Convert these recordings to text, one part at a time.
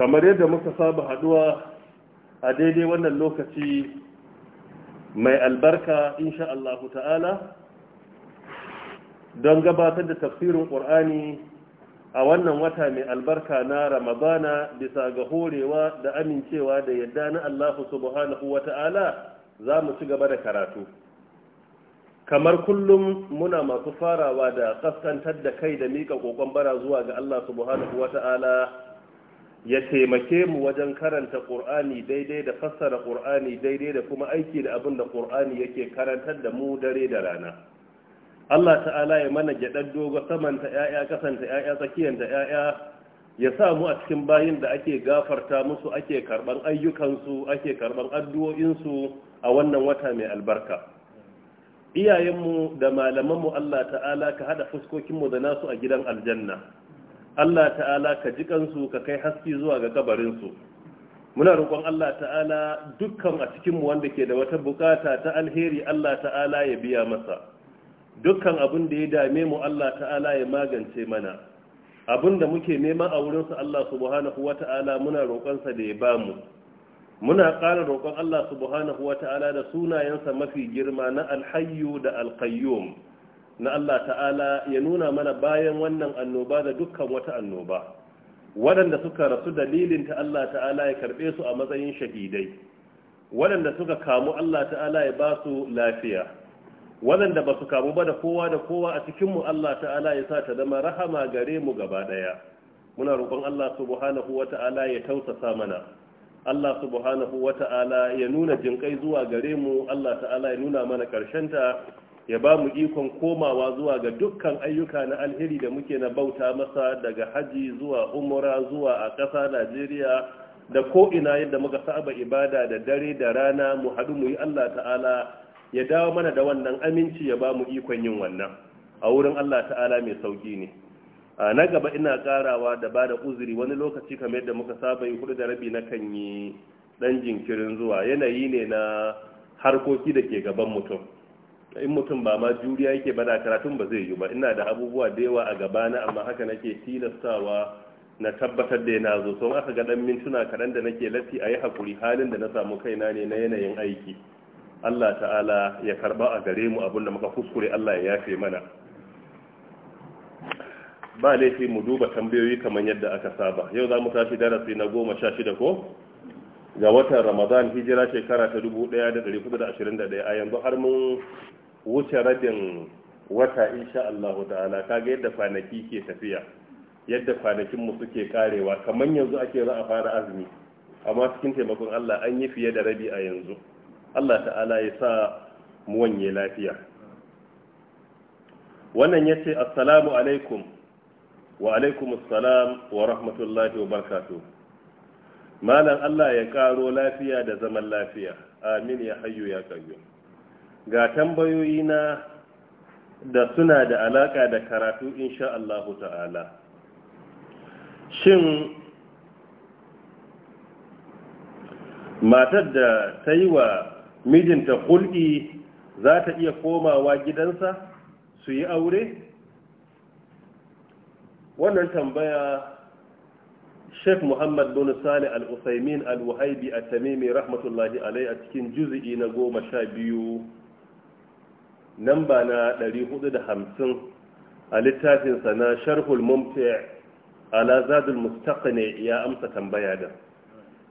kamar yadda muka saba haduwa a daidai wannan lokaci mai albarka insha Allah ta'ala don gabatar da tafsirin ƙur'ani a wannan wata mai albarka na ramadana bisa ga horewa da amincewa da yadda na Allah subhanahu wa ta'ala za mu ci gaba da karatu kamar kullum muna masu farawa da kaskantar da kai da miƙa ƙoƙon bara zuwa ga Allah subhanahu wa ta'ala ya taimake mu wajen karanta ƙur'ani daidai da fassara ƙur'ani daidai da kuma aiki da abin da ƙur'ani yake karantar da mu dare da rana Allah ta'ala ya mana gyaɗar dogo samanta ‘ya'ya kasanta ‘ya'ya tsakiyanta ‘ya'ya ya sa mu a cikin bayin da ake gafarta musu ake karɓar ayyukansu ake karɓar addu'o'insu a wannan wata mai albarka iyayenmu da malamanmu Allah ta'ala ka haɗa fuskokinmu da nasu a gidan aljanna Allah ta'ala ka ji kansu ka kai haske zuwa ga kabarinsu muna roƙon Allah ta'ala dukkan a cikinmu wanda ke da wata bukata ta alheri Allah ta'ala ya biya masa dukkan abin da ya dame mu Allah ta'ala ya magance mana abin da muke nema a wurinsa Allah subhanahu wa ta'ala muna roƙonsa da ya ba mu muna ƙara roƙon Allah subhanahu wa ta'ala da sunayensa mafi girma na alhayyu da alqayyum na Allah ta'ala ya nuna mana bayan wannan annoba da dukkan wata annoba waɗanda suka rasu dalilin ta Allah ta'ala ya karɓe su a matsayin shahidai waɗanda suka kamu Allah ta'ala ya ba su lafiya waɗanda ba su kamu ba da kowa da kowa a cikinmu Allah ta'ala ya sa ta zama rahama gare mu gaba ɗaya muna roƙon Allah subhanahu wa ta'ala ya tausasa mana Allah subhanahu wa ta'ala ya nuna jinƙai zuwa gare mu Allah ta'ala ya nuna mana ƙarshenta ya ba mu ikon komawa zuwa ga dukkan ayyuka na alheri da muke na bauta masa daga haji zuwa umura zuwa a ƙasa najeriya da ko ina yadda muka saba ibada da dare da rana mu haɗu mu yi allah ta'ala ya dawo mana da wannan aminci ya ba mu ikon yin wannan a wurin allah ta'ala mai sauki ne a na gaba ina karawa da bada uzuri wani lokaci kamar yadda muka saba yi hudu da rabi na kan yi ɗan jinkirin zuwa yanayi ne na harkoki da ke gaban mutum in mutum ba ma juriya yake ba da karatun ba zai yi ba ina da abubuwa da yawa a gabana amma haka nake tilastawa na tabbatar da yana zo sun aka ga dan mintuna kaɗan da nake latti a yi haƙuri halin da na samu kaina ne na yanayin aiki allah ta'ala ya karba a gare mu abin da muka kuskure allah ya yafe mana ba laifi mu duba tambayoyi kamar yadda aka saba yau za mu tashi darasi na goma sha shida ko ga watan ramadan hijira shekara ta 1421 a yanzu har mun wuce rabin wata insha Allah ta'ala kaga yadda kwanaki ke tafiya yadda kwanakin mu suke karewa kamar yanzu ake za a fara azumi amma cikin taimakon Allah an yi fiye da rabi a yanzu Allah ta'ala ya sa mu wanye lafiya wannan yace assalamu alaikum wa alaikumus salam wa rahmatullahi wa barakatuh malam Allah ya karo lafiya da zaman lafiya amin ya hayyu ya kayu ga tambayoyi na da suna da alaka da karatu insha Allah ta'ala shin matar da ta yi wa mijinta kulki za ta iya komawa gidansa su yi aure? wannan tambaya Sheikh Muhammad bin Sani al uthaymeen Al-Wahibi At-Tamimi rahmatullahi alai a cikin juz'i na goma sha biyu namba na 450 a littafin sa na Sharhul Mumti' ala Zadul Mustaqni ya amsa tambaya da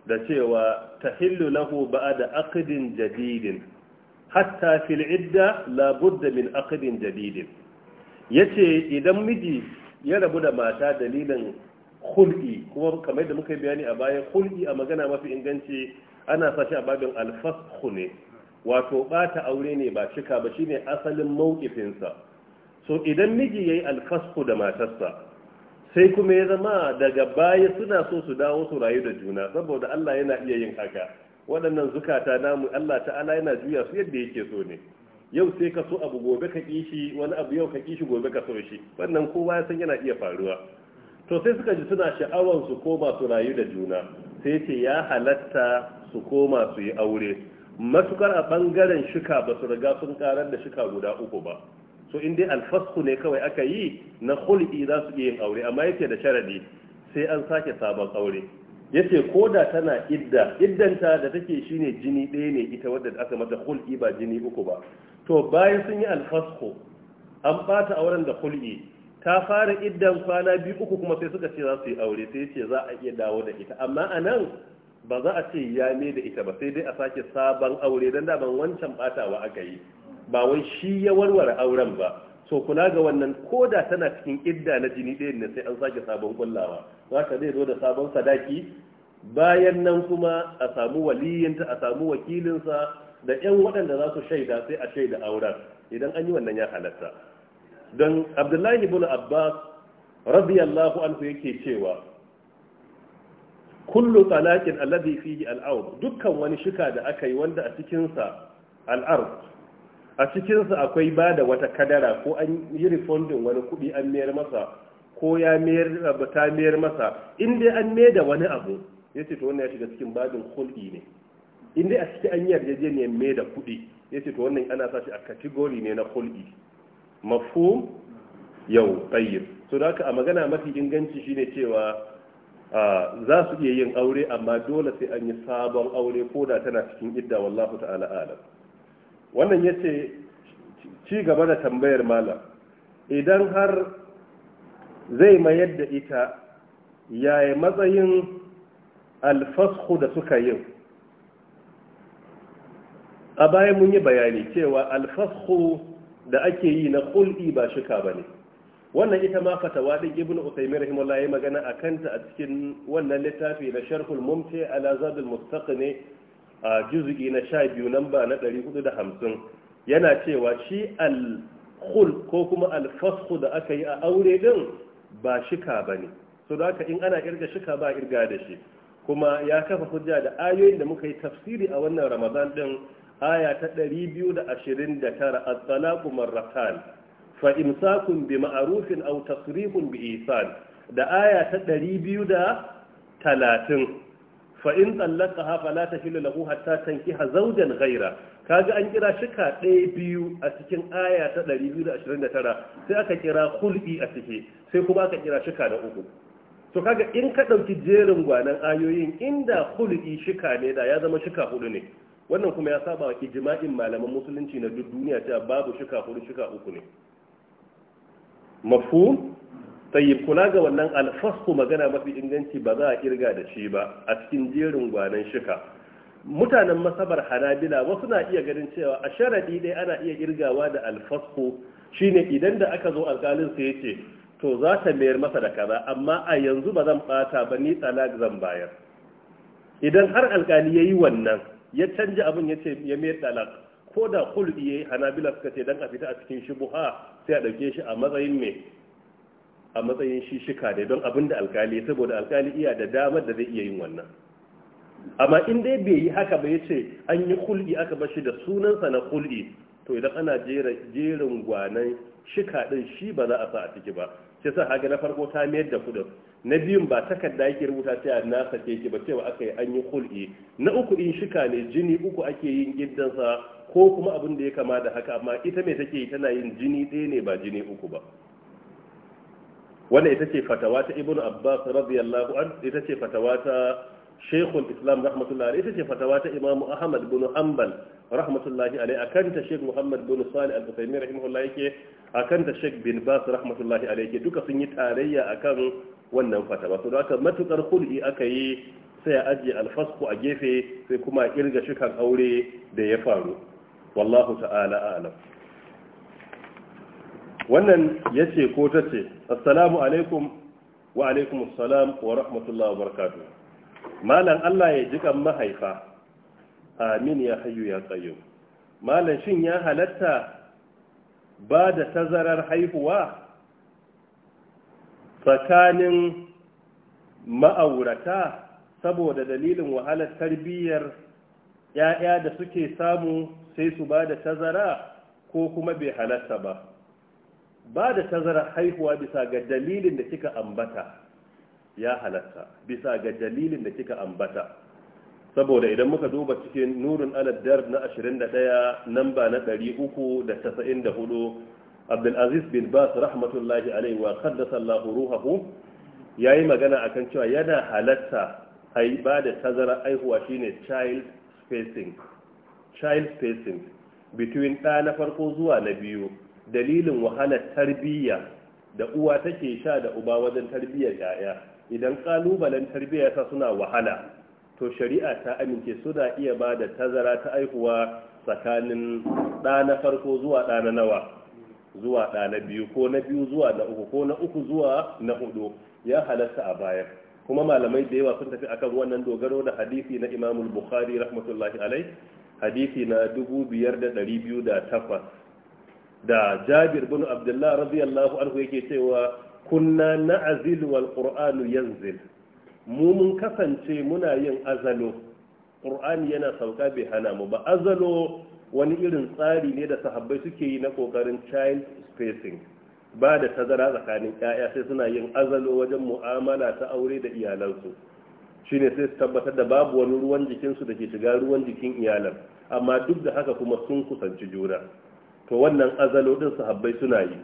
da cewa tahillu lahu ba'da aqdin jadidin hatta fil idda la budda min aqdin jadidin yace idan miji ya rabu da mata dalilin hul'i kuma kamar da muka yi bayani a baya hul'i a magana mafi inganci ana sa shi a babin alfashu ne wato bata aure ne ba cika ba shine asalin mawkifinsa so idan miji yayi alfashu da matarsa sai kuma ya zama daga baya suna so su dawo su rayu da juna saboda Allah yana iya yin haka waɗannan zukata namu Allah ta'ala yana juya su yadda yake so ne yau sai ka so abu gobe ka kishi wani abu yau ka kishi gobe ka so shi wannan kowa ya san yana iya faruwa to sai suka ji suna sha'awar su koma su rayu da juna sai ce ya halatta su koma su yi aure matukar a bangaren shika ba su riga sun karar da shuka guda uku ba so in dai alfasku ne kawai aka yi na hulɗi za su iya yin aure amma yake da sharadi sai an sake sabon aure yace ko da tana idda iddanta da take shine jini ɗaya ne ita wadda aka mata hulɗi ba jini uku ba to bayan sun yi alfasku an ɓata auren da hulɗi ta fara iddan kwana biyu uku kuma sai suka ce za su yi aure sai ce za a iya dawo da ita amma a nan ba za a ce ya ne da ita ba sai dai a sake sabon aure don daban wancan batawa aka yi ba wai shi ya warware auren ba so kula ga wannan ko da tana cikin idda na jini ɗaya ne sai an sake sabon kullawa za ka zai zo da sabon sadaki bayan nan kuma a samu waliyinta a samu wakilinsa da 'yan waɗanda za su shaida sai a shaida auren idan an yi wannan ya halatta don abdullahi ibn abbas radiyallahu anhu yake cewa kullu talaqin alladhi fihi al'aud dukkan wani shika da aka yi wanda a cikin sa al-ard a cikin sa akwai bada wata kadara ko an yi refunding wani kudi an mayar masa ko ya mayar ta mayar masa in dai an mayar da wani abu yace to wannan ya shiga cikin babin khuldi ne in dai a cikin an yarjejeniyar mayar da kudi yace to wannan ana sa shi a category ne na khuldi mafhum yau tayyib su da a magana mafi inganci shine cewa za su iya yin aure amma dole sai an yi sabon aure ko da tana cikin idda wallahu ta'ala alam wannan yace ci gaba da tambayar malam idan har zai mayar da ita yayi matsayin alfasku da suka yi a baya mun yi bayani cewa alfasku da ake yi na kul'i ba shika ba ne wannan ita ma fatawa din ibn usaymin rahimahullah ya magana a kanta a cikin wannan littafi na sharhul mumti ala zadul mustaqni a juzuki na sha 12 namba na hamsin. yana cewa shi al khul ko kuma al da aka yi a aure ɗin ba shika bane so da aka in ana kirga shika ba irga da shi kuma ya kafa hujja da ayoyin da muka yi tafsiri a wannan ramadan ɗin. aya ta 229 at-talaqu marratan fa imsakun bi ma'rufin aw tasrihun bi ihsan da aya ta 230 fa in tallaqaha fala tahillu lahu hatta tankiha zawjan ghayra kaga an kira shika ɗaya biyu a cikin aya ta 229 sai aka kira khul'i a ciki sai kuma aka kira shika da uku to kaga in ka dauki jerin gwanan ayoyin inda khul'i shika ne da ya zama shika hudu ne wannan kuma ya saba wa ijma'in malaman musulunci na duk duniya cewa babu shuka huɗu shuka uku ne mafhum tayyib kula ga wannan alfasu magana mafi inganci ba za a kirga da shi ba a cikin jerin gwanan shuka mutanen masabar hanabila wasu na iya ganin cewa a sharadi dai ana iya kirgawa da alfasu shine idan da aka zo alkalin sai yace to za ta mayar masa da kaza amma a yanzu ba zan bata ba ni talak zan bayar idan har alkali yayi wannan ya canza abin ya ce ya mayar talak ko da kulɗi ya yi hanabila suka ce don a fita a cikin shi buha sai a ɗauke shi a matsayin mai a matsayin shi shika dai don abin da alkali saboda alkali iya da damar da zai iya yin wannan amma in dai bai yi haka ba ya ce an yi kulɗi aka ba shi da sunansa na kulɗi to idan ana jerin gwanan shika ɗin shi ba za a sa a ciki ba sai sa haga na farko ta mayar da kuɗin na biyun ba takarda yake rubuta ta na sake ki ba cewa aka yi an yi hul'i na uku in shika ne jini uku ake yin giddansa ko kuma abin da ya kama da haka amma ita mai take yi tana yin jini ɗaya ne ba jini uku ba wannan ita ce fatawa ta ibnu abbas radiyallahu an ita ce fatawa ta shaykhul islam rahmatullahi ita ce fatawa ta imamu ahmad bin hanbal rahmatullahi alai akan ta shek muhammad bin salih al-uthaymeen rahimahullah yake akan ta shek bin bas rahmatullahi alai duka sun yi tarayya akan wannan ba, to da matukar hul'i aka yi sai a ajiye alfasku a gefe sai kuma kirga shikan aure da ya faru wallahu ta'ala a'lam wannan yace ko tace assalamu alaikum wa alaikum assalam wa rahmatullahi wa barakatuh malam Allah ya jikan mahaifa amin ya hayyu ya qayyum malam shin ya halatta ba da tazarar haihuwa tsakanin ma'aurata saboda dalilin wahalar tarbiyyar ‘ya'ya da suke samu sai su ba da tazara ko kuma bai halatta ba ba da tazara haihuwa bisa ga dalilin da kika ambata ya halatta bisa ga dalilin da kika ambata saboda idan muka duba cikin nurin aladdar na 21 namba na 394 abdulaziz bin bas rahmatullahi alaihi wa qaddasa Allah ya yayi magana akan cewa yana halatta ai ba da tazara aihuwa shine child spacing child spacing between ɗa na farko zuwa na biyu dalilin wahalar tarbiyya da uwa take sha da uba wajen tarbiyyar yaya idan kalubalen tarbiyya sa suna wahala to shari'a ta amince suna iya ba da tazara ta aihuwa tsakanin ɗa na farko zuwa ɗa na nawa zuwa ɗa na biyu ko na biyu zuwa na uku ko na uku zuwa na hudu ya halasta a baya kuma malamai da yawa sun tafi akan wannan dogaro da hadisi na imamul bukhari rahmatullahi alai hadisi na 5208 da jabir bin abdullah radiyallahu anhu yake cewa kunna na'zil wal qur'anu yanzil mu mun kasance muna yin azalo qur'ani yana sauka bai hana mu ba azalo wani irin tsari ne da sahabbai suke yi na kokarin child spacing ba da tazara tsakanin 'ya'ya sai suna yin azalo wajen mu'amala ta aure da iyalansu shine sai su tabbatar da babu wani ruwan jikinsu da ke shiga ruwan jikin iyalan amma duk da haka kuma sun kusanci juna to wannan azalo din sahabbai suna yi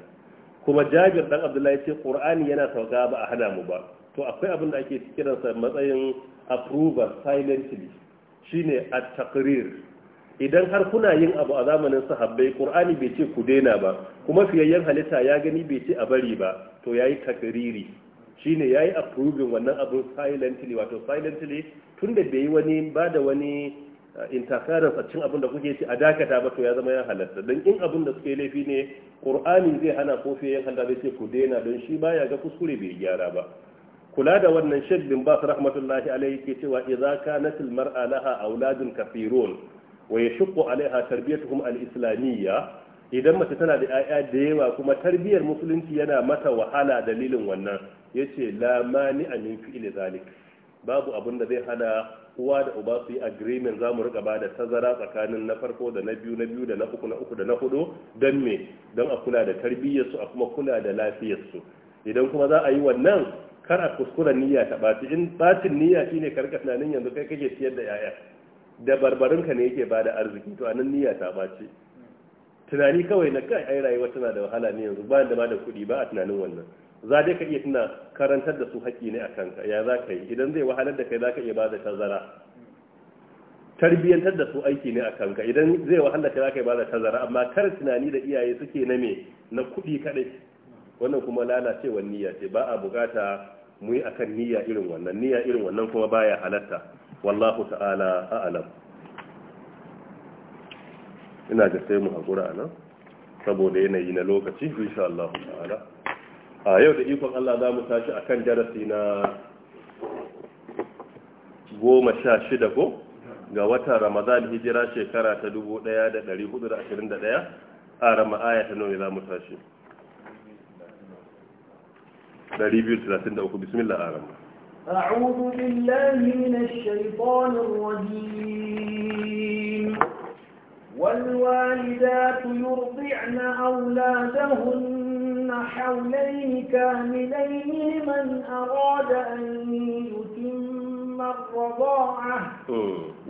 kuma jabir dan abdullahi ce qur'ani yana sauka ba a hana mu ba to akwai abin da ake kiransa matsayin approval silently shine at taqrir idan har kuna yin abu a zamanin sahabbai qur'ani bai ce ku daina ba kuma fiyayyen halitta ya gani bai ce a bari ba to yayi takriri shine yayi approving wannan abun silently wato silently tunda bai yi wani ba da wani uh, interference a cikin abin da kuke ci a dakata ba to ya zama ya halatta don in abin da suke laifi ne qur'ani zai hana ko fiye halatta bai ce ku daina don shi baya ga kuskure bai gyara ba kula da wannan shaddin ba su rahmatullahi alaihi ke cewa idza kanat al mar'a laha auladun kafirun wa yashqu alaiha tarbiyatuhum al-islamiyya idan mace tana da 'ya'ya da yawa kuma tarbiyar musulunci yana mata wahala dalilin wannan yace la mani min fi'li zalik babu abin da zai hana uwa da uba su yi agreement zamu rika bada ba da tazara tsakanin na farko da na biyu na biyu da na uku na uku da na hudu don me don a kula da tarbiyyarsu a kuma kula da lafiyarsu idan kuma za a yi wannan kar a kuskura niyya ta ɓaci in ɓacin niyya shine karka tunanin yanzu kai kake ciyar da 'ya'ya da barbarinka ne yake bada arziki to anan niyya ta bace tunani kawai na kai ai rayuwa tana da wahala ne yanzu ba da ba da kuɗi ba a tunanin wannan za dai ka iya tuna karantar da su haƙƙi ne a kanka ya za ka yi idan zai wahalar da kai za ka iya ba da tazara tarbiyyantar da su aiki ne a kanka idan zai wahalar da kai za ka iya ba da tazara amma kar tunani da iyaye suke na me na kuɗi kaɗai wannan kuma lalacewar niyya ce ba a bukata mu yi akan niyya irin wannan niyya irin wannan kuma baya halatta wallahu ta'ala a'lam ina ga sai mu hakura nan. saboda yanayi na lokaci insha Allah ta'ala a yau da ikon Allah za mu tashi akan darasi na goma sha shida ko ga watan Ramadan hijira shekara ta 1421 a rama aya ta nawa za mu tashi 233 bismillah a rama أعوذ بالله من الشيطان الرجيم والوالدات يرضعن أولادهن حولين كاملين من أراد أن يتم الرضاعة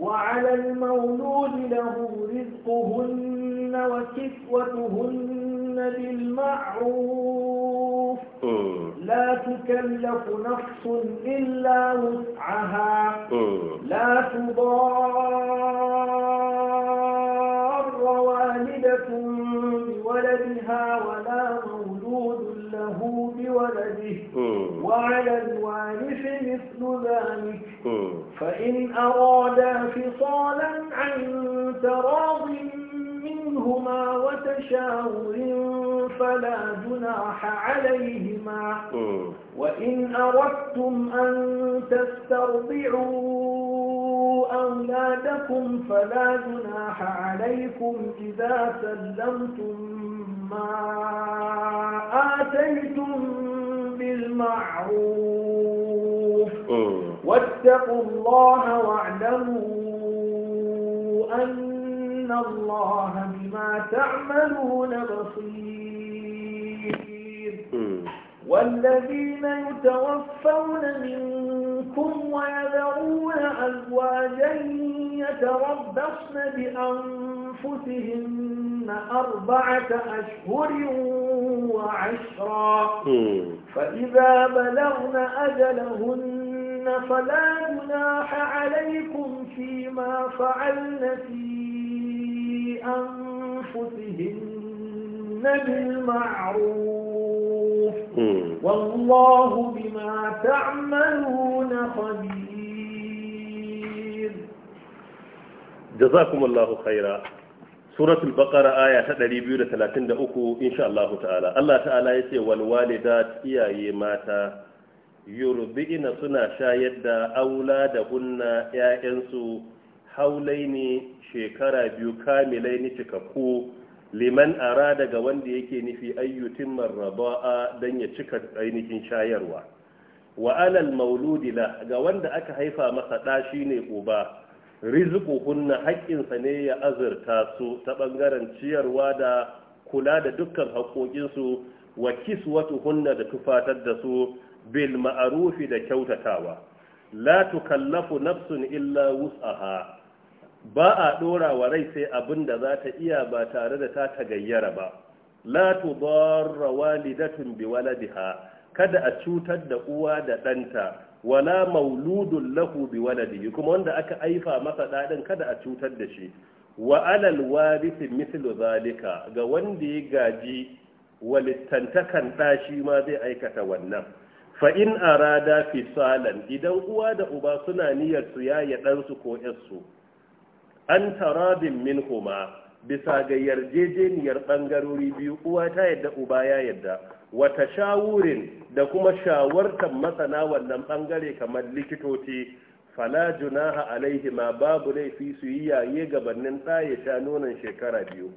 وعلى المولود له رزقهن وكسوتهن بالمعروف لا تكلف نفس إلا وسعها لا تضار والدة بولدها ولا مولود له بولده وعلى الوارث مثل ذلك فإن أرادا فصالا عن تراضٍ منهما وتشاور فلا جناح عليهما وإن أردتم أن تسترضعوا أولادكم فلا جناح عليكم إذا سلمتم ما آتيتم بالمعروف واتقوا الله واعلموا أن إن الله بما تعملون بصير والذين يتوفون منكم ويذرون أزواجا يتربصن بأنفسهن أربعة أشهر وعشرا فإذا بلغن أجلهن فلا جناح عليكم فيما فعلن في أنفسهن بالمعروف والله بما تعملون خبير جزاكم الله خيرا suratul baqara aya ta 233 insha Allah ta'ala Allah ta'ala yace wal walidat iyaye mata yurbi'ina suna shayar da aula da 'ya'yansu haulai ne. shekara biyu kamilai ni cikakku liman ara daga wanda yake nufi ayyutin marraba'a don ya cika ainihin shayarwa wa alal mauludi la ga wanda aka haifa masa ɗa shine uba rizuku hunna haƙƙinsa ne ya azurta su ta ɓangaren ciyarwa da kula da dukkan haƙoƙinsu wa kiswatu hunna da tufatar da su bil ma'arufi da kyautatawa la tukallafu nafsun illa wus'aha ba a dora wa rai sai abin da za ta iya ba tare da ta tagayyara ba la darra walidatun bi waladiha kada a cutar da uwa da ɗanta wala mauludun lahu bi waladihi kuma wanda aka aifa masa ɗaɗin kada a cutar da shi wa alal warisi mithlu zalika ga wanda ya gaji walittantakan ɗa shi ma zai aikata wannan fa in arada fisalan idan uwa da uba suna niyyar su yaya ɗansu ko yarsu an tarabin min kuma bisa ga yarjejeniyar ɓangarori biyu uwa ta yadda uba ya yadda wata shawurin da kuma shawartar masana wannan ɓangare kamar likitoci fala junaha alaihi ma babu laifi su yi yaye gabanin ɗaya sha nonon shekara biyu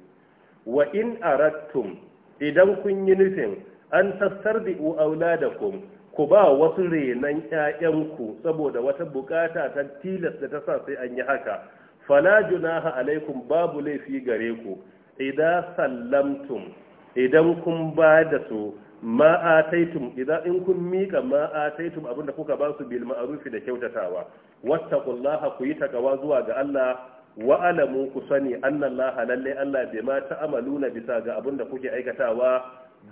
wa in arattum idan kun yi nufin an da da da ku ba wasu renan 'ya'yanku saboda wata bukata ta tilas da ta sa sai an yi haka fala junaha alaikum babu laifi gare ku idan sallamtum idan kun ba da su ma ataitum idan in kun mika ma ataitum abinda kuka ba su bil ma'rufi da kyautatawa wattaqullaha ku yi takawa zuwa ga Allah wa alamu ku sani annallaha lalle Allah bai ma na bisa ga abinda kuke aikatawa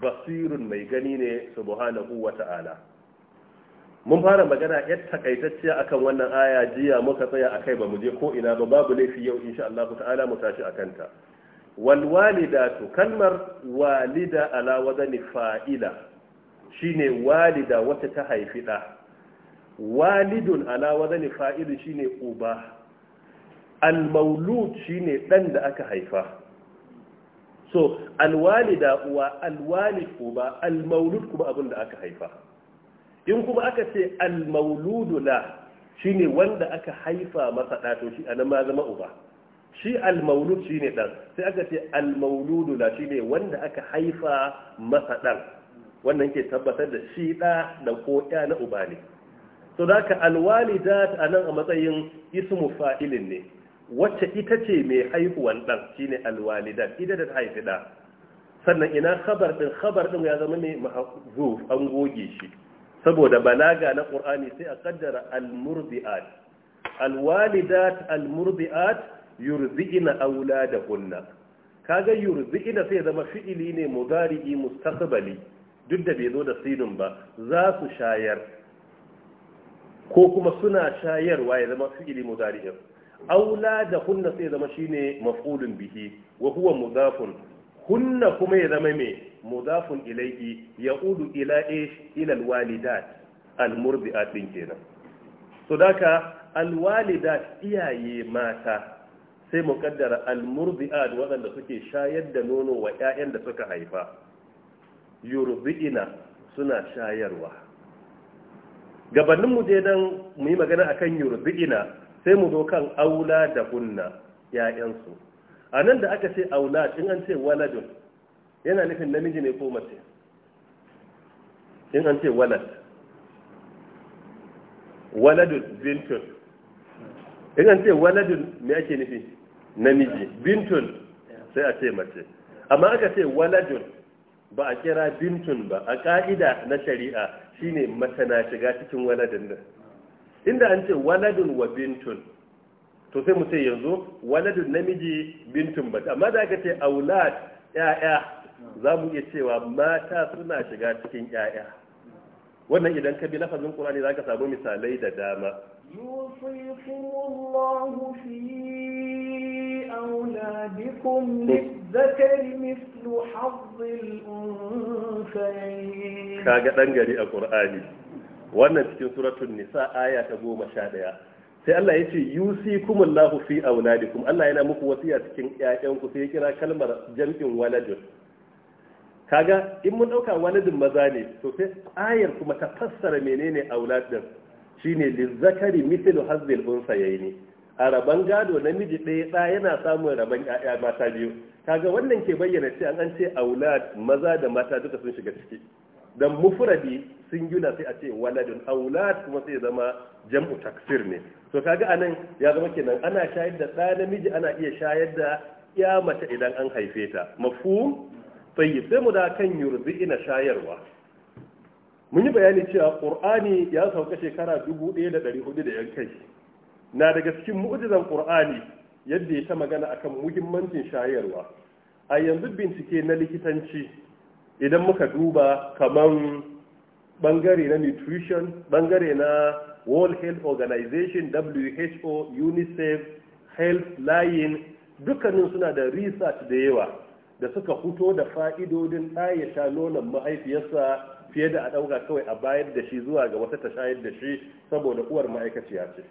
basirun mai gani ne subhanahu wa mun fara magana yar takaitacciya akan wannan aya jiya muka tsaya akai ba mu je ko ina ba babu laifi yau insha Allah ta'ala mu tashi akan ta wal walidatu kalmar walida ala wazani fa'ila shine walida wata ta haifi da walidun ala wazani shi shine uba al maulud shine ɗan da aka haifa so al walida uwa al uba al maulud kuma abin da aka haifa in kuma aka ce almauludu la shine wanda aka haifa masa ɗa to shi anan ma zama uba shi almaulud shine ɗan sai aka ce almauludu la shine wanda aka haifa masa ɗan wannan ke tabbatar da shi ɗa da ko ɗa na uba ne to da ka alwalidat anan a matsayin ismu fa'ilin ne wacce ita ce mai haihuwan ɗan shine alwalidat ita da ta haifi ɗa sannan ina khabar ɗin khabar ɗin ya zama ne mahzuf an goge shi saboda balaga na qur'ani sai a ƙaddara al-murdiat al-walidat al-murdiat yurzi'na auladahunna kaga yurzi'na sai zama fi'ili ne mudari'i mustaqbali duk da bai zo da sinin ba za su shayar ko kuma suna shayarwa ya zama fi'ili mudari'in aula da hunna sai zama shine maf'ulun bihi wa huwa mudafun hunna kuma ya zama me mudafun ilayhi ya'udu ila ish ila alwalidat almurdiat din kenan so daka alwalidat iyaye mata sai mu kaddara almurdiat waɗanda suke shayar da nono wa yayan da suka haifa yurdiina suna shayarwa gabanin mu je dan mu yi magana akan yurbiina sai mu zo kan aula da hunna 'ya'yansu, a nan da aka ce aula in an ce waladun yana nufin namiji ne ko mace in an ce walad waladun bintun in an ce waladun me ake nufi namiji bintun sai a ce mace amma aka ce waladun ba a kira bintun ba a ka'ida na shari'a shine mace na shiga cikin waladun nan inda an ce waladun wa bintun to sai mu ce yanzu waladun namiji bintun ba amma da aka ce aulad ya'ya za mu iya cewa mata suna shiga cikin 'ya'ya wannan idan ka bi lafazin qur'ani zaka samu misalai da dama yusikumullahu fi mithlu hazzil kaga dan gari a qur'ani wannan cikin suratun nisa aya ta goma 11 sai Allah ya ce yusikumullahu fi Kuma Allah yana muku wasiya cikin ƴaƴanku sai ya kira kalmar jam'in waladun kaga in mun dauka waladin maza ne to sai ayar kuma ta fassara menene aulad din shine lizzakari mithlu hazzil unsayaini a raban gado namiji ɗaya ɗa yana samun raban ƴaƴa mata biyu kaga wannan ke bayyana cewa an ce aulad maza da mata duka sun shiga ciki dan mufradi gina sai a ce waladun aulad kuma sai zama jam'u taksir ne to kaga anan ya zama kenan ana shayar da ɗa namiji ana iya shayar da ya mace idan an haife ta mafhum tsayi sai mu da kan yurzi ina shayarwa mun yi bayani cewa ƙur'ani ya sauka shekara 1400 da yan kai na daga cikin mu'jizan ƙur'ani yadda ya ta magana akan muhimmancin shayarwa a yanzu bincike na likitanci idan muka duba kaman bangare na nutrition bangare na world health organization who unicef health lion dukkanin suna da research da yawa da suka fito da fa'idodin ɗayata nonon mahaifiyarsa fiye da a ɗauka kawai a bayar da shi zuwa ga wata ta shayar da shi saboda uwar ma'aikaciya ce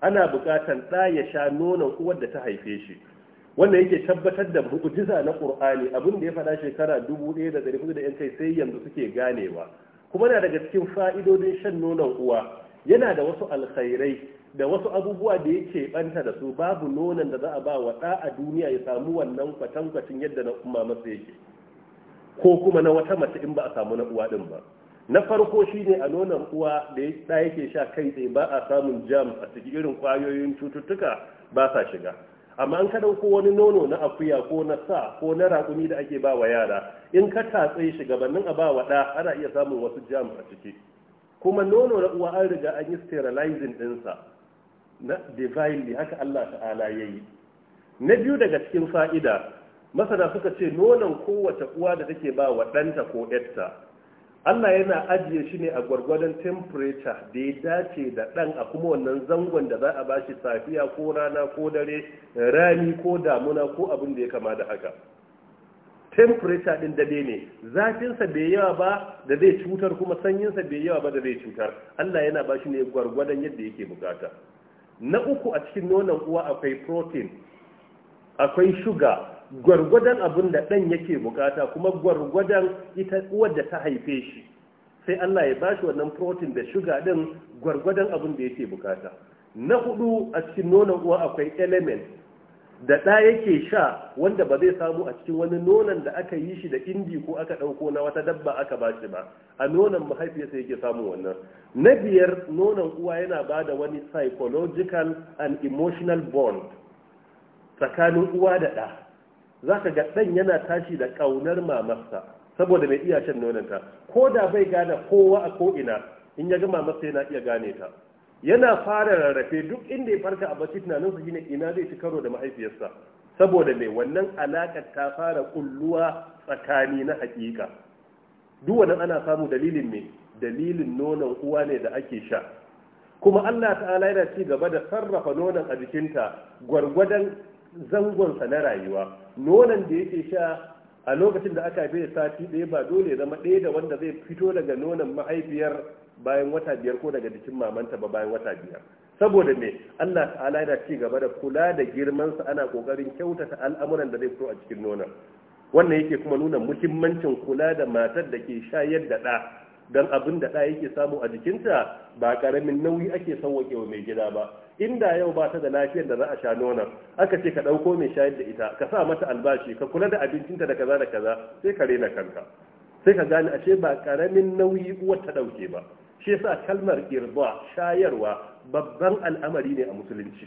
ana buƙatar ɗaya sha nonon uwar da ta haife shi Wanda yake tabbatar da mu'ujiza na ƙur'ani abin da ya faɗa shekara dubu ɗaya da ɗari hudu da yan kai sai yanzu suke ganewa kuma na daga cikin fa'idodin shan nonon uwa yana da wasu alkhairai da wasu abubuwa da yake banta da su babu nonon da za a ba wa ɗa a duniya ya samu wannan kwatankwacin yadda na umma masa yake ko kuma na wata mace in ba a samu na uwa din ba na farko shine a nonon uwa da ɗa yake sha kai tsaye ba a samun jam a cikin irin kwayoyin cututtuka ba sa shiga amma an ka ɗauko wani nono na akuya ko na sa ko na raƙumi da ake ba wa yara in ka tatse shi gabanin a ba wa ɗa ana iya samun wasu jam a ciki kuma nono na uwa an riga an yi sterilizing dinsa. Na divinely haka Allah ta'ala ya yi na biyu daga cikin fa'ida masana suka ce nonon kowace uwa da take ba wa ɗanta ko ‘yarta Allah yana ajiye shi ne a gwargwadon temperature da ya dace da ɗan a kuma wannan zangon da za a ba shi safiya ko rana ko dare rani ko damuna ko abin da ya kama da haka temperature ɗin dade ne zafinsa bai yawa ba da zai cutar kuma sanyinsa bai yawa ba da zai cutar Allah yana ba shi ne gwargwadon yadda yake bukata na uku a cikin nonon uwa akwai protein akwai shuga gwargwadon abin da ɗan yake bukata kuma gwargwadon ita uwar da ta haife shi sai Allah ya bashi wannan protein da shuga din gwargwadon abin da yake bukata na hudu a cikin nonon uwa akwai element da ɗa yake sha wanda ba zai samu a cikin wani nonon da aka yi shi da indi ko aka ɗauko na wata dabba aka ba shi ba a nonon mahaifiyarsa yake samun wannan na biyar nonon uwa yana ba da wani psychological and emotional bond tsakanin uwa da ɗa za ka ga ɗan yana tashi da ƙaunar mamarsa saboda mai iya shan nononta ko da bai gane kowa a ko'ina in ya ga mamarsa yana iya gane ta yana fara rarrafe duk inda ya farka a bacci tunaninsa shine ina zai ci karo da mahaifiyarsa saboda mai wannan alaƙa ta fara kulluwa tsakani na haƙiƙa. duk wannan ana samu dalilin me dalilin nonon uwa ne da ake sha kuma Allah ta'ala yana ci gaba da sarrafa nonon a jikinta gwargwadon zangonsa na rayuwa nonon da yake sha a lokacin da aka haife sati ɗaya ba dole zama ɗaya da wanda zai fito daga nonon mahaifiyar bayan wata biyar ko daga jikin mamanta ba bayan wata biyar saboda me Allah ta'ala yana ci gaba da kula da girman sa ana kokarin kyautata al'amuran da zai fito a cikin nonon wannan yake kuma nuna muhimmancin kula da matar da ke shayar da ɗa don abin da ɗa yake samu a jikinta ba karamin nauyi ake sauwake wa mai gida ba inda yau ba ta da lafiyar da za a sha nonon aka ce ka ɗauko mai shayar da ita ka sa mata albashi ka kula da abincinta da kaza da kaza sai ka rena kanka sai ka gane ashe ba karamin nauyi uwar ta ɗauke ba shi yasa kalmar irba shayarwa babban al'amari ne a musulunci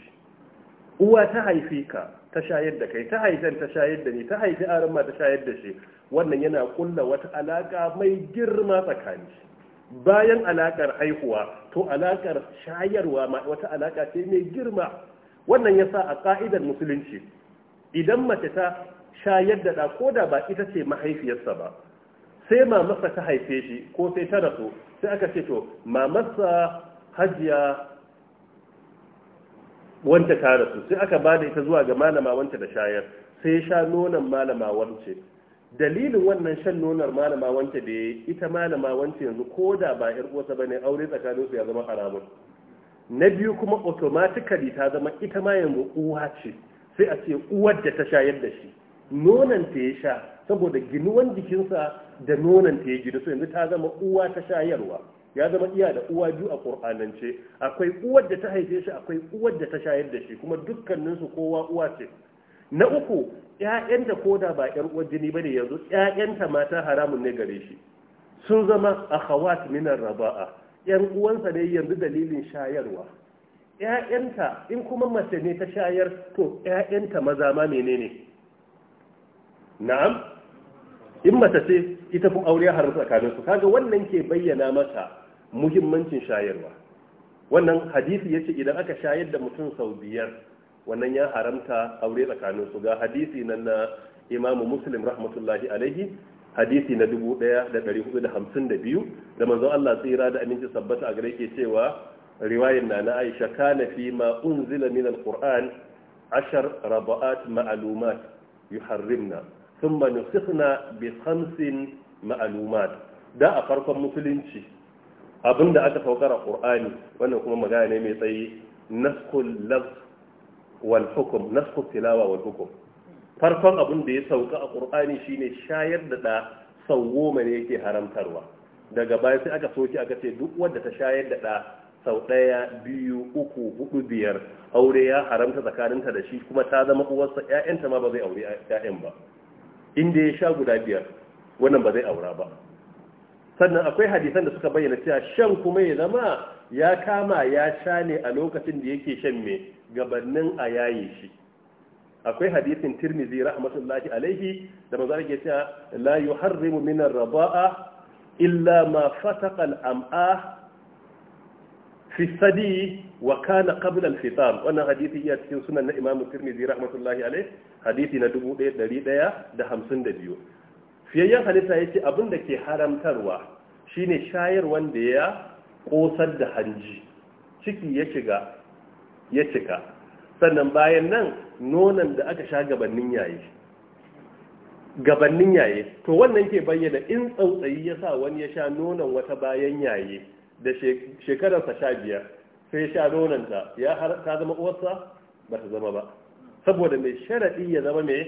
uwa ta haife ka ta shayar da kai ta haifen ta shayar da ni ta haifi aron ma ta shayar da shi wannan yana kulla wata alaka mai girma tsakani bayan alakar haihuwa to alakar shayarwa ma wata alaka ce mai girma wannan yasa a ka'idar musulunci idan mace ta shayar da ɗa ko da ba ita ce mahaifiyarsa ba sai ma masa ta haife shi ko sai ta rasu sai aka ce to mamarsa hajiya wanta ta rasu sai aka ba da ita zuwa ga malama wanta da shayar sai ya sha nonon malama wance dalilin wannan shan nonar malama wance da ita malama wance yanzu ko da ba yar ba ne aure tsakanin su ya zama haramun na biyu kuma automatically ta zama ita ma yanzu uwa ce sai a ce uwar da ta shayar da shi nonon ta ya sha saboda ginuwan jikinsa da nonon ta ya gida so yanzu ta zama uwa ta shayarwa ya zama iya da uwa biyu a ƙur'anance akwai uwar da ta haife shi akwai uwar da ta shayar da shi kuma dukkaninsu kowa uwa ce na uku ƴaƴan da koda ba ƴar uwar jini bane yanzu ƴaƴanta mata haramun ne gare shi sun zama a min ar-raba'a ƴan uwansa ne yanzu dalilin shayarwa ‘ya'yanta in kuma mace ne ta shayar to ‘ya'yanta maza ma menene na'am in mace ce ita fi aure haramta tsakanin su kaga wannan ke bayyana mata muhimmancin shayarwa wannan hadisi yace idan aka shayar da mutum sau biyar wannan ya haramta aure tsakanin su ga hadisi nan na imamu muslim rahmatullahi alaihi hadisi na 1452 da manzon Allah tsira da aminci sabbata a gare ke cewa riwayar na na Aisha kana fi ma unzila min alquran ashar raba'at ma'lumat yuharrimna sun ba sifna bi ma'alumat da a farkon musulunci abinda aka saukar a ƙur'ani wannan kuma magana ne mai tsayi naskul lafz wal hukum naskul tilawa wal hukum farkon abin da ya sauka a ƙur'ani shine shayar da ɗa sau goma ne yake haramtarwa daga baya sai aka soki aka ce duk wanda ta shayar da ɗa sau ɗaya biyu uku hudu biyar aure ya haramta tsakaninta da shi kuma ta zama uwarsa 'ya'yanta ma ba zai aure 'ya'yan ba inda ya sha guda biyar wannan ba zai aura ba sannan akwai hadisan da suka bayyana cewa shan kuma ya zama ya kama ya sha ne a lokacin da yake shan mai gabannin a yayi shi akwai hadisin tirmizi rahmatullahi alaihi da manzo yake cewa la yuharrimu min ar-raba'a illa ma fataqa al-am'a fisadi wa kana qabla al-fitar wannan hadisi ya cikin sunan na Imam Tirmidhi rahmatullahi alayh hadisi na 1152 fiyayyen halitta yace abin da ke haramtarwa shine shayar wanda ya kosar da hanji ciki ya shiga ya cika sannan bayan nan nonon da aka sha gabanin yayi gabanin to wannan ke bayyana in tsautsayi ya sa wani ya sha nonon wata bayan yaye da shekararsa sha biyar sai sha nonanta ya ta zama uwarsa ba ta zama ba saboda mai sharaɗi ya zama mai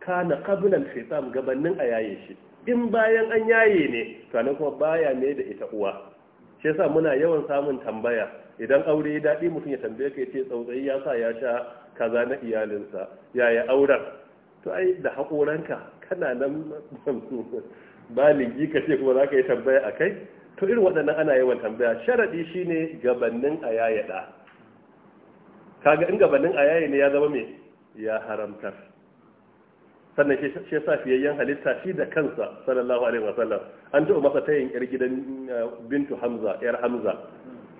kana kabilan fitam gabanin a yaye shi in bayan an yaye ne sannan kuma baya ne da ita uwa shi yasa muna yawan samun tambaya idan aure ya daɗi mutum ya tambaye ka ya ce tsautsayi ya sa ya sha kaza na iyalinsa yaya auren to ai da haƙoranka kana nan baligi ka ce kuma za ka yi tambaya a kai to irin waɗannan ana yawan tambaya sharaɗi shi ne gabannin a yaya ɗa kaga in gabannin a yaya ne ya zama mai ya haramtar sannan shi sa fiyayyen halitta shi da kansa sallallahu alaihi wasallam an taɓa masa tayin yar gidan uh, bintu hamza yar hamza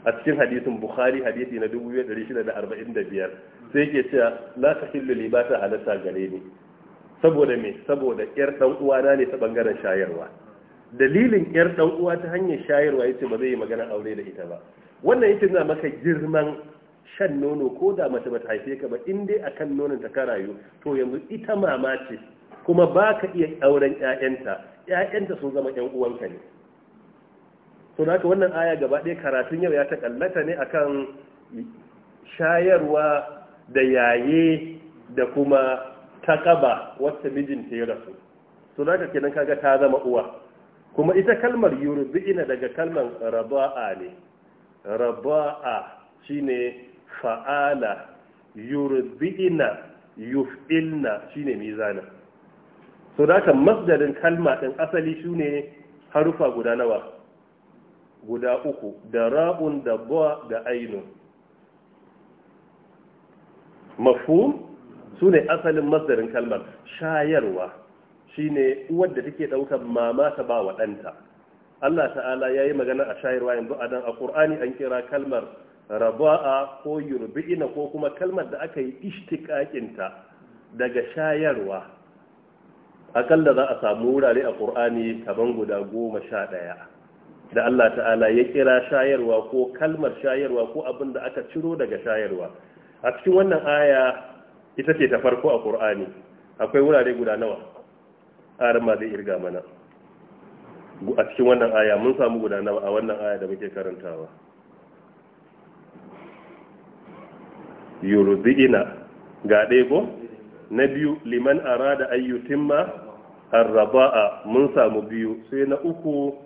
a cikin hadisin bukhari hadisi na 2645 sai yake cewa la tahillu li ba ta halatta gare ni saboda me saboda yar dan uwana ne ta bangaren shayarwa dalilin yar dan uwa ta hanyar shayarwa yace ba zai yi magana aure da ita ba wannan yake nuna maka girman shan nono ko da mace bata haife ka ba in dai akan nonon ta ka rayu to yanzu ita mama ce kuma baka iya auren 'ya'yanta. 'ya'yanta sun zama ƴan uwanka ne to haka wannan aya gaba ɗaya karatun yau ya takallata ne akan shayarwa da yaye da kuma taƙaba wacce mijinta ya rasu to haka kenan kaga ta zama uwa kuma ita kalmar yurbi'ina daga kalmar raba'a ne raba'a shine fa'ala yurbi'ina yuf'ilna shine mizana. so da haka masdarin kalma din asali shine harufa guda nawa guda uku da ra'un da ba da ainu mafhum sune asalin masdarin kalmar shayarwa shine uwar da take ɗaukar mama ta ba wa ɗanta Allah ta'ala ya yi magana a shayarwa yanzu a dan a Kur'ani an kira kalmar raba'a ko yurbi'ina ko kuma kalmar da aka yi ta daga shayarwa aƙalla za a samu wurare a ƙur'ani kaman guda goma sha ɗaya da Allah ta'ala ya kira shayarwa ko kalmar shayarwa ko abin da aka ciro daga shayarwa a cikin wannan aya ita ce ta farko a qur'ani akwai wurare guda nawa aran ma zai irga mana a cikin wannan aya mun samu guda nawa a wannan aya da muke karantawa yurdi'ina ga ɗaya ko na biyu liman arada ayyutin ma arraba'a mun samu biyu sai na uku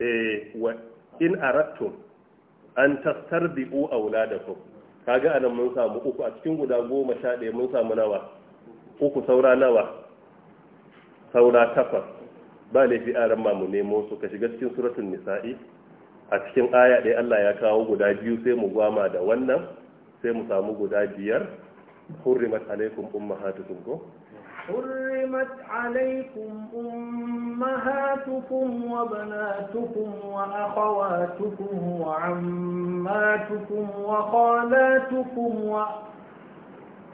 eh, wa in arattum an da auladakum kaga anan mun samu uku a cikin guda goma sha ɗaya mun samu nawa uku saura nawa saura takwas ba laifi aran mu nemo su ka shiga cikin suratul nisa'i a cikin aya ɗaya Allah ya kawo guda biyu sai mu gwama da wannan sai mu samu guda biyar hurrimat alaikum ummahatukum ko حرمت عليكم أمهاتكم وبناتكم وأخواتكم وعماتكم وخالاتكم وأخواتكم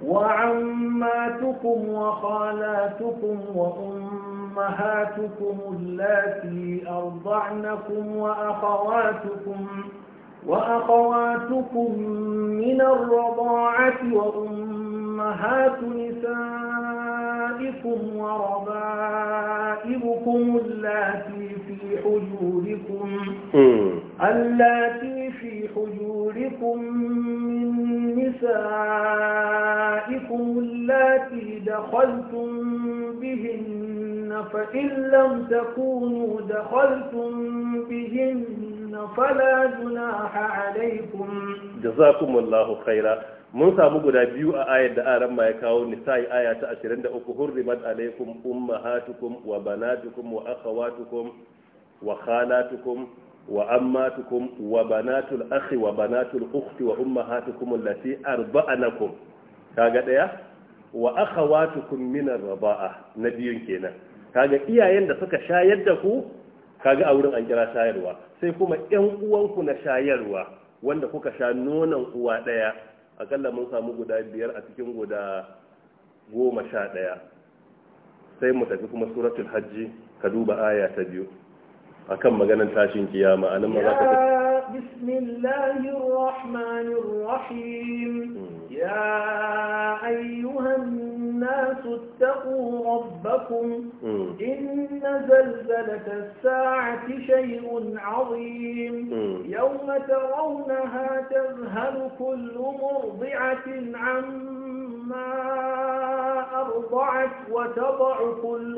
وعماتكم وخالاتكم وأمهاتكم اللاتي أرضعنكم وأخواتكم وأخواتكم من الرضاعة وأمهات نسائكم وربائبكم اللاتي في حجوركم اللاتي في حجوركم من نسائكم اللاتي دخلتم بهن فإن لم تكونوا دخلتم بهن فلا جناح عليكم جزاكم الله خيرا mun samu guda biyu a ayar da aran ma ya kawo nisa'i aya ta 23 hurrimat alaikum ummahatukum wa banatukum wa akhawatukum wa khalatukum wa ammatukum wa banatul akhi wa banatul ukhti wa ummahatukum allati arba'anakum kaga daya wa akhawatukum min ar-raba'a na biyun kenan kaga iyayen da suka shayar da ku kaga a wurin an kira shayarwa sai kuma yan uwanku na shayarwa wanda kuka sha nonon uwa daya akalla mun samu guda biyar a cikin guda goma sha ɗaya sai mu tafi kuma suratul hajji ka duba aya ta biyu akan maganar tashin kiyama anan ma za ka بسم الله الرحمن الرحيم يا أيها الناس اتقوا ربكم إن زلزلة الساعة شيء عظيم يوم ترونها تذهل كل مرضعة عما ما أرضعت وتضع كل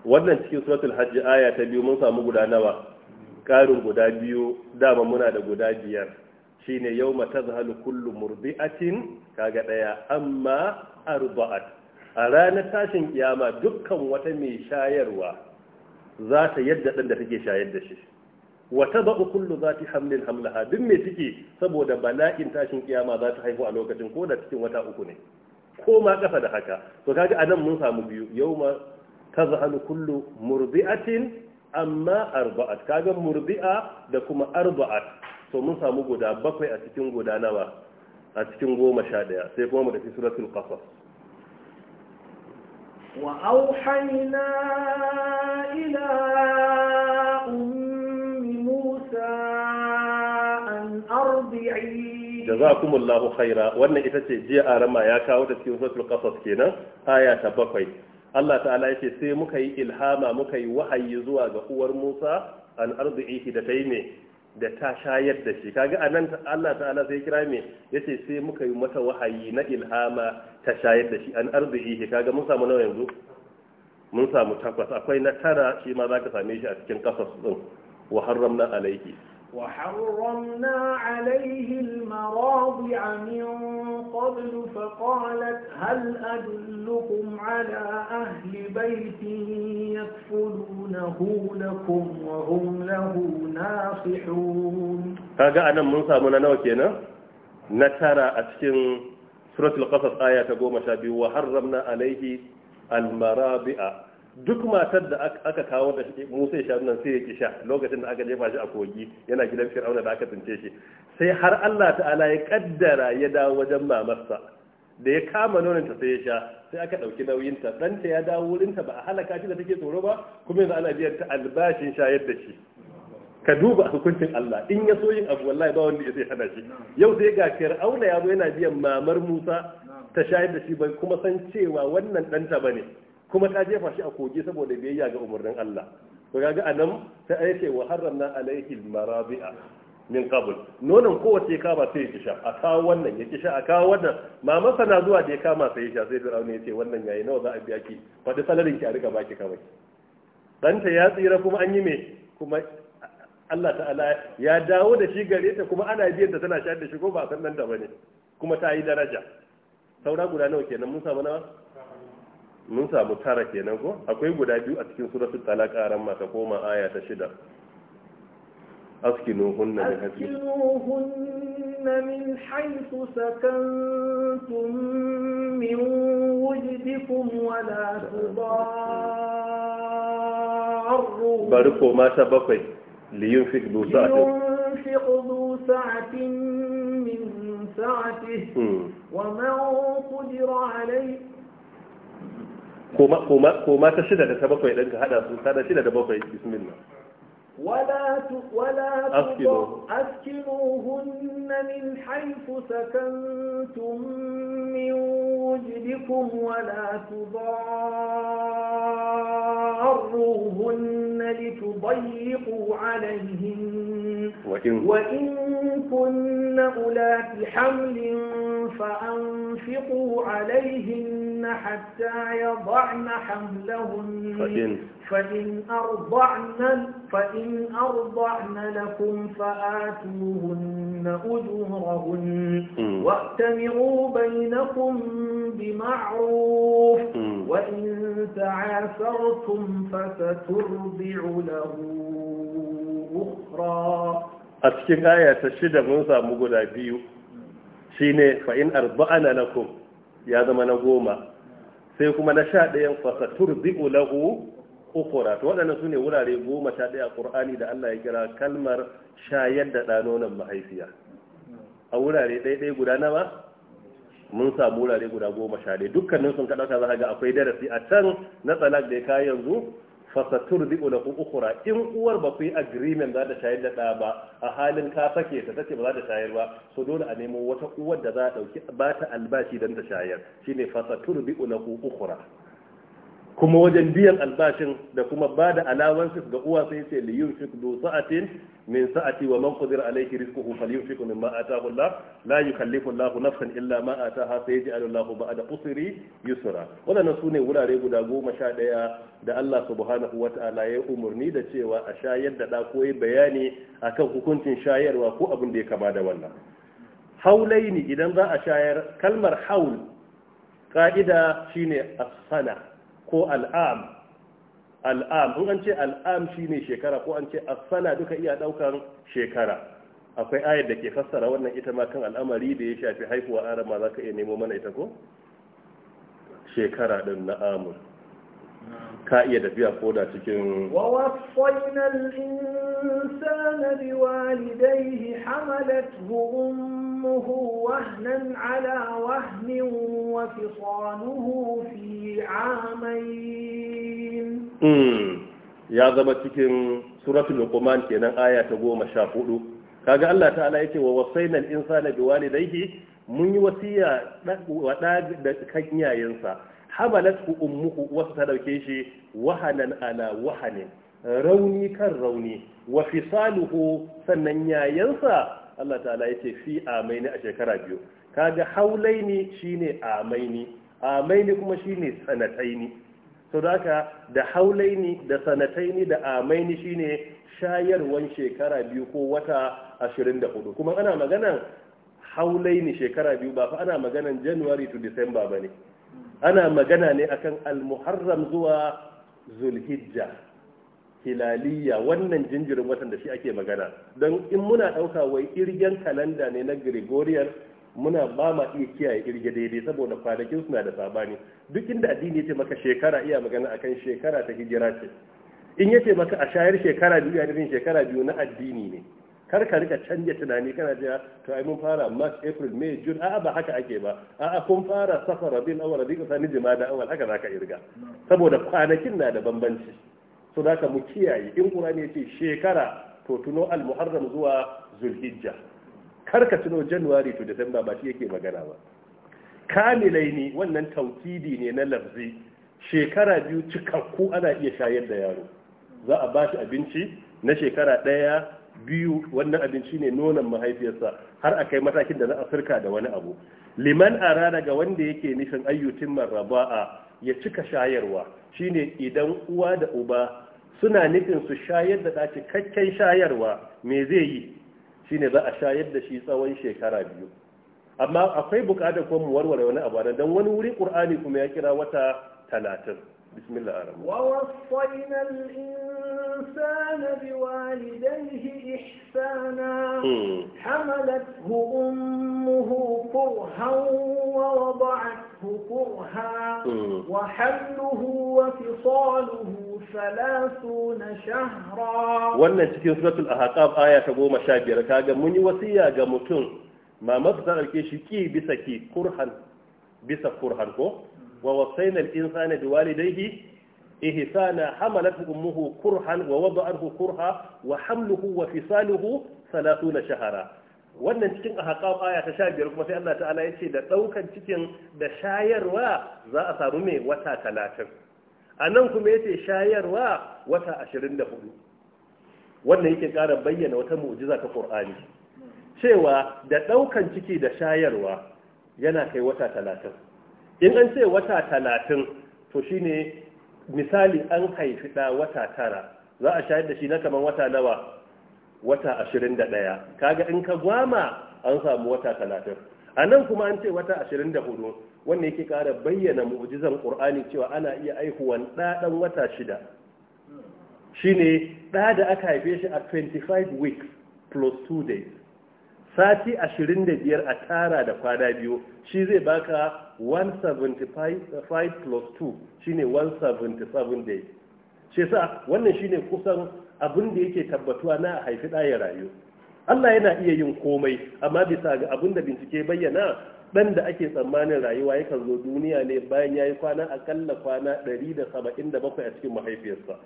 wannan cikin suratul hajji aya ta biyu mun samu guda nawa karin guda biyu dama muna da guda biyar Shi ne shine kullum murbi kullu murdi'atin kaga ɗaya. amma arba'at a ranar tashin kiyama dukkan wata mai shayarwa za ta yadda ɗanda da take shayar da shi wa tabu kullu zati hamlin hamlaha duk mai ciki saboda bala'in tashin kiyama za ta haihu a lokacin ko da cikin wata uku ne ko ma ƙasa da haka to kaga anan mun samu biyu yau yauma tazhalu kullu murbi'atin amma arba'at kaga murbi'a da kuma arba'at to mun samu guda bakwai a cikin guda nawa a cikin goma sha ɗaya sai kuma mu tafi suratul qasas wa auhayna ila jazakumullahu khaira wannan ita ce jiya arama ya kawo ta cikin suratul qasas kenan aya ta bakwai Allah ta'ala yace sai muka yi ilhama muka yi wahayi zuwa ga uwar Musa an arzihi da ta da ta shayar da shi kaga anan Allah ta'ala sai kira me yace sai muka yi mata wahayi na ilhama ta shayar da shi an arzihi kaga mun samu nawa yanzu mun samu takwas akwai na tara shi ma zaka same shi a cikin qasas din wa harramna alayhi وحرمنا عليه المراضع من قبل فقالت هل أدلكم على أهل بيت يكفلونه لكم وهم له ناصحون هذا أنا منصى من نوكينا نترى أتكين سورة القصص آية قوم شابي وحرمنا عليه المرابع duk matar da aka kawo da Musa ya sha nan sai ya kisha lokacin da aka jefa shi a kogi yana gidan Fir'auna da aka tsince shi sai har Allah ta'ala ya kaddara ya dawo wajen mamarsa da ya kama ta sai ya sha sai aka dauki nauyin ta dan ta ya dawo wurin ta ba a halaka shi da take tsoro ba kuma yanzu ana biyan ta albashin shayar da shi ka duba hukuncin Allah in ya so yin abu wallahi ba wanda ya sai hana shi yau sai ga Fir'auna ya zo yana biyan mamar Musa ta shayar da shi bai kuma san cewa wannan danta bane kuma ta jefa shi a kogi saboda biyayya ga umarnin Allah to kaga anan sai aice ce wa harramna alaihi marabi'a min qabl nonon kowace kama sai ya kisha a kawo wannan ya kisha a kawo wannan mama sana zuwa da ya kama sai ya sai fir'auna ya ce wannan yayi nawa za a biya ki da salarin ki a riga baki kawai ta ya tsira kuma an yi me kuma Allah ta'ala ya dawo da shi gare ta kuma ana biyan ta tana shayar da shi ko ba san nan da bane kuma ta yi daraja saura guda nawa kenan mun samu nawa mun samu tara kenan ko akwai guda biyu a cikin suratu talaka ran mata koma aya ta shida askinu hunna min haythu askinu hunna min haythu sakantum min wujdikum wa la tudarru bari ko mata min koma ta shida da ta bakwai ɗin ka haɗa su ta da shida da bakwai bismillah ولا ولا أسكنوهن من حيث سكنتم من وجدكم ولا تضاروهن لتضيقوا عليهن وإن, وإن كن أولات حمل فأنفقوا عليهن حتى يضعن حملهن فإن أرضعن, فإن أرضعن لكم فآتوهن أجورهن واعتمروا بينكم بمعروف وإن تعاثرتم فسترضع له أخرى أتكين آية الشدة موسى سامو بيو أبيو شيني فإن أرضعن لكم يا زمن قوما sai kuma na sha ɗayan fasa turzi'u lahu ukura to waɗannan sune wurare goma sha ɗaya ƙur'ani da Allah ya kira kalmar shayar da ɗanonon mahaifiya a wurare ɗaiɗai guda nawa mun samu wurare guda goma sha ɗaya dukkanin sun kaɗauka za ga akwai darasi a can na tsalak da ya yanzu fasatur ziko da ku ukura in uwar ba ku yi agreement za ta shayar da ɗa ba a halin ka sake ta tace ba za ta shayar ba so dole a nemo wata uwar da za a ɗauki ba ta albashi don ta shayar shine fasatur ziko na ku ukura kuma wajen biyan albashin da kuma ba da alawansu ga uwa sai ce li yunfiq du sa'atin min sa'ati wa man qadira alayhi rizquhu falyunfiq mimma ataahu Allah la yukallifu Allahu nafsan illa ma ataaha sayaj'alu Allahu ba'da usri yusra nasu sune wurare guda goma sha daya da Allah subhanahu wata'ala ya umurni da cewa a shayar da da yi bayani akan hukuncin shayarwa ko abin da ya kama da wannan haulaini idan za a shayar kalmar haul ka'ida shine as-sana ko al'am al'am in an ce al'am shine shekara ko an ce asala duka iya daukan shekara akwai ayar da ke fassara wannan ita ma kan al'amari da ya shafi haifuwa arama za ka iya nemo mana ita ko shekara din na amur ka iya tafiya ko da cikin Walidaihi, الإنسان بوالديه حملته أمه وهنا على وهن وفصاله في عامين ya zama cikin suratul luqman kenan aya ta goma sha hudu kaga Allah ta'ala yake wa wasaina al da Walidaihi? mun yi wasiya wa da iyayensa. ku ummuhu wasu ta dauke shi wahanan ala wahanin rauni kan rauni wa fisaluhu sannan yayansa Allah ta'ala yace fi amaini a shekara biyu kaga haulaini shine amaini amaini kuma shine sanataini to haka da haulaini da sanataini da amaini shine shayarwan shekara biyu ko wata 24 kuma ana maganan haulaini shekara biyu ba fa ana maganan January to December bane ana magana ne akan al-muharram zuwa zulhijja hilaliya wannan jinjirin watan da shi ake magana don in muna ɗauka wai irgen kalanda ne na gregorian muna ba ma iya kiyaye irge daidai saboda kwanakin suna da sabani duk inda addini ce maka shekara iya magana akan shekara ta hijira ce in ya ce maka a shayar shekara biyu a nufin shekara biyu na addini ne kar ka rika canja tunani kana jiya, to ai mun fara march april may june a'a ba haka ake ba a'a kun fara safar rabiul awwal rabiul thani da awal haka zaka irga saboda kwanakin na da bambanci so zaka mu kiyaye in qur'ani yace shekara to tuno al muharram zuwa zulhijja karka tuno january to december ba shi yake magana ba kamilaini wannan taukidi ne na lafzi shekara biyu cikakku ana iya shayar da yaro za a ba shi abinci na shekara ɗaya biyu wannan abinci ne nonon mahaifiyarsa har a kai matakin da na a da wani abu liman arada ga wanda yake nufin ayyutin marraba'a ya cika shayarwa shine idan uwa da uba suna nufin su shayar da ɗaci kakken shayarwa me zai yi shine za a shayar da shi tsawon shekara biyu amma akwai buƙatar kuma mu warware wani abu don wani wuri ƙur'ani kuma ya kira wata talatin بسم الله الرحمن ووصينا الإنسان بوالديه إحسانا حملته أمه كرها ووضعته كرها وحمله وفصاله ثلاثون شهرا wannan cikin suratul ahqaf aya ta 15 kaga mun yi wasiya ga mutum ma mafsar alke shi ki bisa ki ko wa wasaina al-insana biwalidayhi ihsana hamalathu ummuhu kurhan wa wada'athu kurha wa hamluhu wa fisaluhu 30 shahara wannan cikin ahqaf aya ta 15 kuma sai Allah ta'ala yace da daukan cikin da shayarwa za a samu mai wata 30 anan kuma yace shayarwa wata 24 wannan yake ƙara bayyana wata mu'jiza ta Qur'ani cewa da daukan ciki da shayarwa yana kai wata talatin in an ce wata talatin to shi ne, misali an haifi ɗa wata tara za a shayar da shi na kamar wata nawa wata ashirin da ɗaya kaga in ka gwama an samu wata talatin a nan kuma an ce wata ashirin da hudu wanda yake ƙara bayyana mu'ujizan ƙur'ani cewa ana iya aihuwan ɗaɗan wata shida shine ɗa da aka haife shi a 25 weeks plus 2 days sati 25 a tara da kwana biyu shi zai baka 175 plus 2 shine 177 days shi sa wannan shine kusan abin da yake tabbatuwa na haifi ɗaya rayu Allah yana iya yin komai amma bisa ga abin da bincike bayyana ɗan da ake tsammanin rayuwa yakan zo duniya ne bayan ya yi kwana akalla kwana 177 a cikin mahaifiyarsa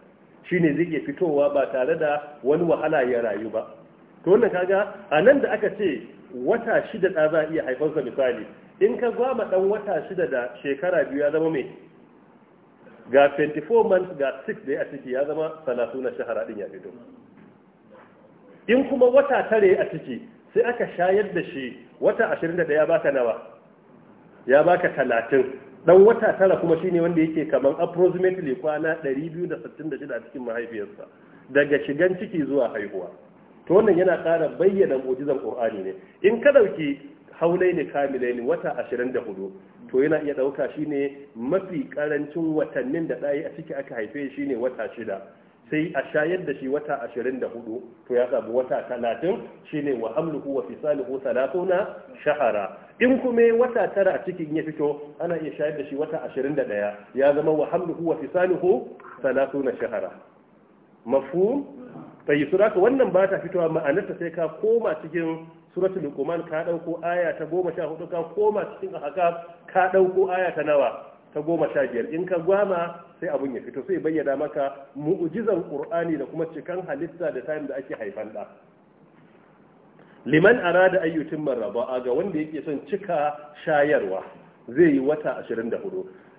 shine zai iya fitowa ba tare da wani wahala ya rayu ba to wannan kaga a nan da aka ce wata shida da za a iya haifarsa misali in ka zama dan wata shida da shekara biyu ya zama mai ga 24 months ga 6 da a ciki ya zama 30 shahara din ya fito in kuma wata tare a ciki sai aka shayar da shi wata 21 ya baka nawa ya baka 30 dan wata tara kuma shine wanda yake kaman approximately kwana 266 a cikin mahaifiyarsa daga shigan ciki zuwa haihuwa to wannan yana ƙara bayyana mu'jizan qur'ani ne in ka ne kamilai ne wata ashirin da hudu. to yana iya shi shine mafi ƙarancin watannin da ɗaya a ciki aka haife shi ne wata shida sai a shayar da shi wata ashirin da hudu to ya samu wata shi shine wa hamluku wa fisaluhu salatuna shahara in kuma wata tara a cikin ya fito ana iya shayar da shi wata ashirin da ɗaya ya zama wa hamluku wa fisaluhu salatuna shahara mafhum tayi su haka wannan ba ta fitowa ma'anarta sai ka koma cikin suratul luqman ka dauko aya ta 14 ka koma cikin ahqaf ka dauko aya ta nawa ta 15 in ka gwama sai abun ya fito sai bayyana maka mu'jizan qur'ani da kuma cikan halitta da time da ake haifan da liman arada ayyutin marraba ga wanda yake son cika shayarwa zai yi wata 24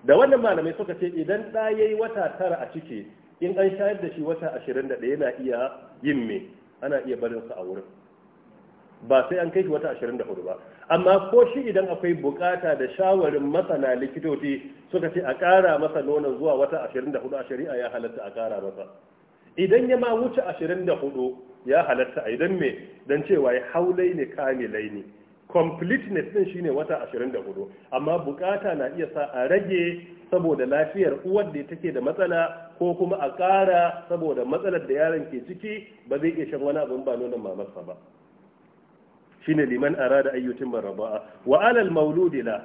da wannan malamai suka ce idan da yayi wata tara a ciki in an shayar da shi wata ashirin da ɗaya yana iya yin me ana iya barinsa a wurin ba sai an kai shi wata ashirin da hudu ba amma ko shi idan akwai bukata da shawarin masana likitoci suka ce a kara masa nonon zuwa wata ashirin da hudu a shari'a ya halatta a ƙara masa idan ya ma wuce ashirin da hudu ya halatta a idan me don cewa ya haulai ne kamilai ne completeness din shine wata 24 amma bukata na iya sa a rage saboda lafiyar uwar da take da matsala ko kuma a ƙara saboda matsalar da yaron ke ciki ba zai iya shan wani abin ba nonon mamarsa ba shine liman arada ayyutin marba'a wa alal mauludi la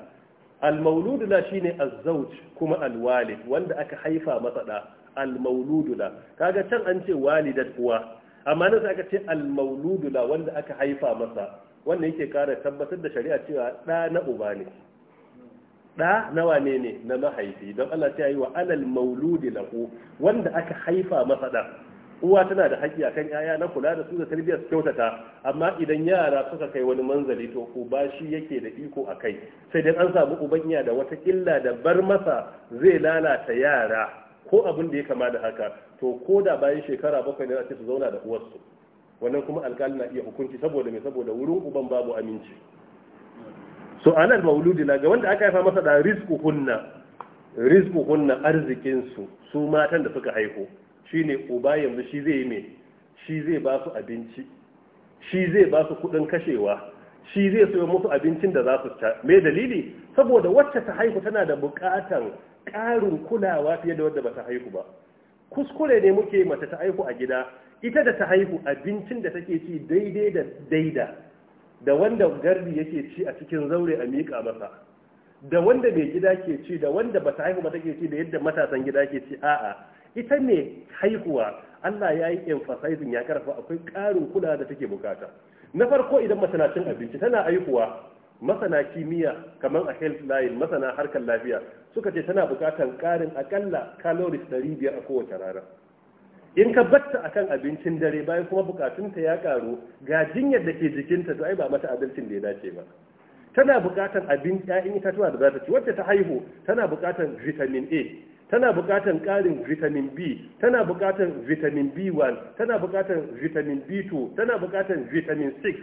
al mauludu la shine azzauj kuma al walid wanda aka haifa masa da al mauludula kaga can an ce walidat uwa amma nan aka ce al mauludula wanda aka haifa masa wannan yake kara tabbatar da shari'a cewa ɗa na uba ne ɗa na wane ne na mahaifi don Allah ta yi wa alal mauludi lahu wanda aka haifa masa ɗa uwa tana da haƙƙi akan yaya na kula da su da tarbiyyar su kyautata amma idan yara suka kai wani manzali to uba shi yake da iko a kai sai dai an samu uban iya da wata illa da bar masa zai lalata yara ko abin da ya kama da haka to ko da bayan shekara bakwai ne a su zauna da uwarsu wannan kuma alkali na iya hukunci saboda mai saboda wurin uban babu aminci so anar mauludi na ga wanda aka haifa masa da risku hunna risku hunna arzikin su su matan da suka haihu shine uba yanzu shi zai yi mai shi zai ba su abinci shi zai ba su kudin kashewa shi zai sayo musu abincin da za su ta me dalili saboda wacce ta haihu tana da bukatan karin kulawa fiye da wadda ba ta haihu ba kuskure ne muke mace ta haihu a gida ita da ta haihu abincin da take ci daidai da daida da wanda garbi yake ci a cikin zaure a miƙa masa da wanda mai gida ke ci da wanda ba ta haihu ba take ci da yadda matasan gida ke ci a'a ita ne haihuwa Allah ya yi emphasizing ya karfa akwai ƙarin kula da take bukata na farko idan masana cin abinci tana haihuwa masana kimiyya kamar a health line masana harkar lafiya suka ce tana bukatar ƙarin akalla calories 500 a kowace rana in ka batta a kan abincin dare bayan kuma bukatunta ya karu ga jinyar da ke jikinta to ai ba mata abincin da ya dace ba tana bukatar abin ƴaƴan itatuwa da za ta ci wacce ta haihu tana bukatar vitamin A tana bukatar karin vitamin B tana bukatar vitamin B1 tana bukatar vitamin B2 tana bukatar vitamin 6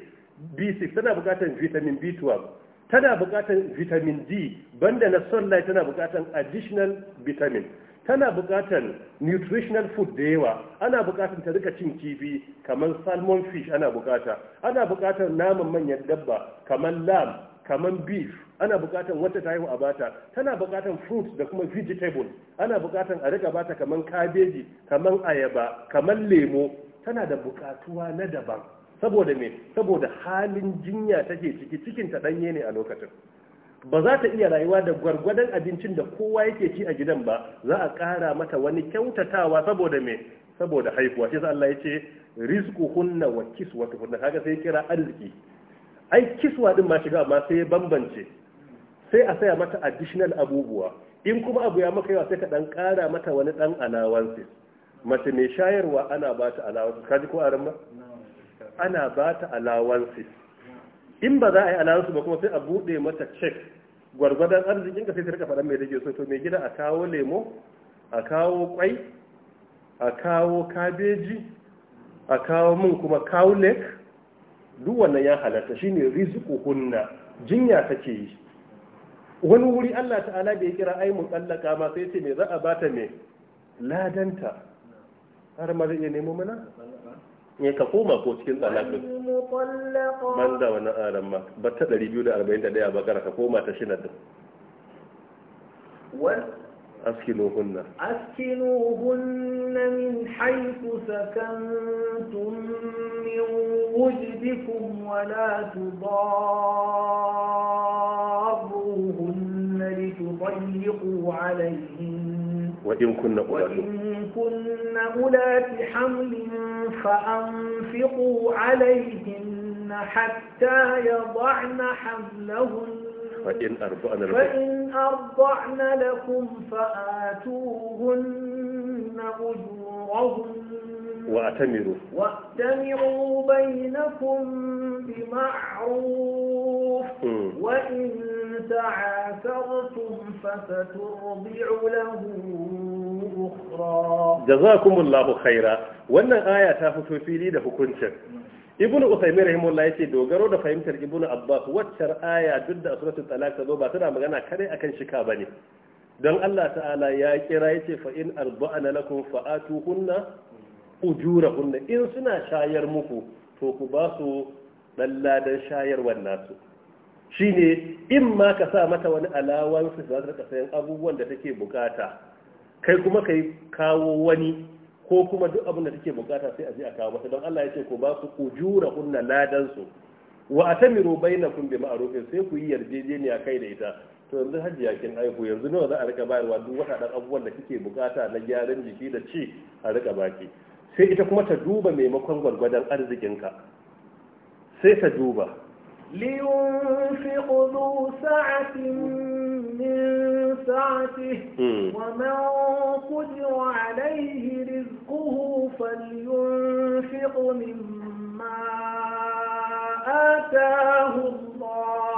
B6 tana bukatar vitamin B12 tana bukatar vitamin D banda na sunlight tana bukatar additional vitamin tana buƙatar nutritional food da yawa ana buƙatar ta rika cin kifi kamar salmon fish ana buƙata ana buƙatar naman manyan dabba kamar lamb kamar beef ana buƙatar wata ta haihu a bata tana buƙatar fruit da kuma vegetable ana buƙatar a rika bata kamar kabeji kamar ayaba kamar lemo tana da buƙatuwa na daban saboda me saboda halin jinya take ciki cikin ta ɗanye ne a lokacin ba za ta iya rayuwa da gwargwadon abincin da kowa yake ci a gidan ba za a ƙara mata wani kyautatawa saboda me saboda haihuwa shi Allah ya ce hunna wa hunna kaga sai kira arziki ai kiswa din ma shiga amma sai bambance sai a saya mata additional abubuwa in kuma abu ya maka yawa sai ka dan ƙara mata wani dan alawansi mace mai shayarwa ana ba ta alawansi kaji ko aran ba ana ba ta alawansi in ba za a yi alawansu ba kuma sai a buɗe mata check gwargwadon arzikin ka sai ta rika faɗan mai take so to mai gida a kawo lemo a kawo kwai a kawo kabeji a kawo min kuma kawo lek duk wannan ya halatta shine rizqu hunna jinya take yi wani wuri Allah ta'ala da ya kira ai tsallaka ma sai ce me za a bata mai ladanta har ma zai nemo mana ne koma ko cikin tsalakin مطلقا من دا وانا آلم ما بتا لريبيو دا أربعين تدعي بقرة كوما تشند أسكنوهن أسكنوهن من حيث سكنتم من وجدكم ولا تضاروهن لتضيقوا عليهن وإن كن أولات حمل فأنفقوا عليهن حتى يضعن حملهن فإن أرضعن لكم فإن أرضعن لكم فآتوهن أجورهن واعتمروا واعتمروا بينكم بمعروف وإن تعاثرتم فسترضع له أخرى جزاكم الله خيرا wannan aya ta fito fili da hukuncin ibnu usaymin rahimahullah yace dogaro da fahimtar ibnu abbas waccar aya duk da suratul talaq ta zo ba tana magana kare akan shika bane don Allah ta'ala ya kira yace fa in arba'ana lakum fa'atuhunna ujura hunna in suna shayar muku to ku ba su dan shayarwar nasu shine in ma ka sa mata wani alawan su za ta sayan abubuwan da take bukata kai kuma kai kawo wani ko kuma duk abin da take bukata sai a je a kawo mata don Allah ya ce ku ba su ujura hunna ladan su wa atamiru bainakum bi ma'rufin sai ku yi yarjejeniya kai da ita to yanzu ya kin aihu, yanzu nawa za a rika bayarwa duk wata dan abubuwan da kike bukata na gyaran jiki da ci a rika baki sai ita kuma ta duba maimakon gwargwadon arzikinka sai ta duba لينفق ذو سعة من سعته ومن قدر عليه رزقه فلينفق مما آتاه الله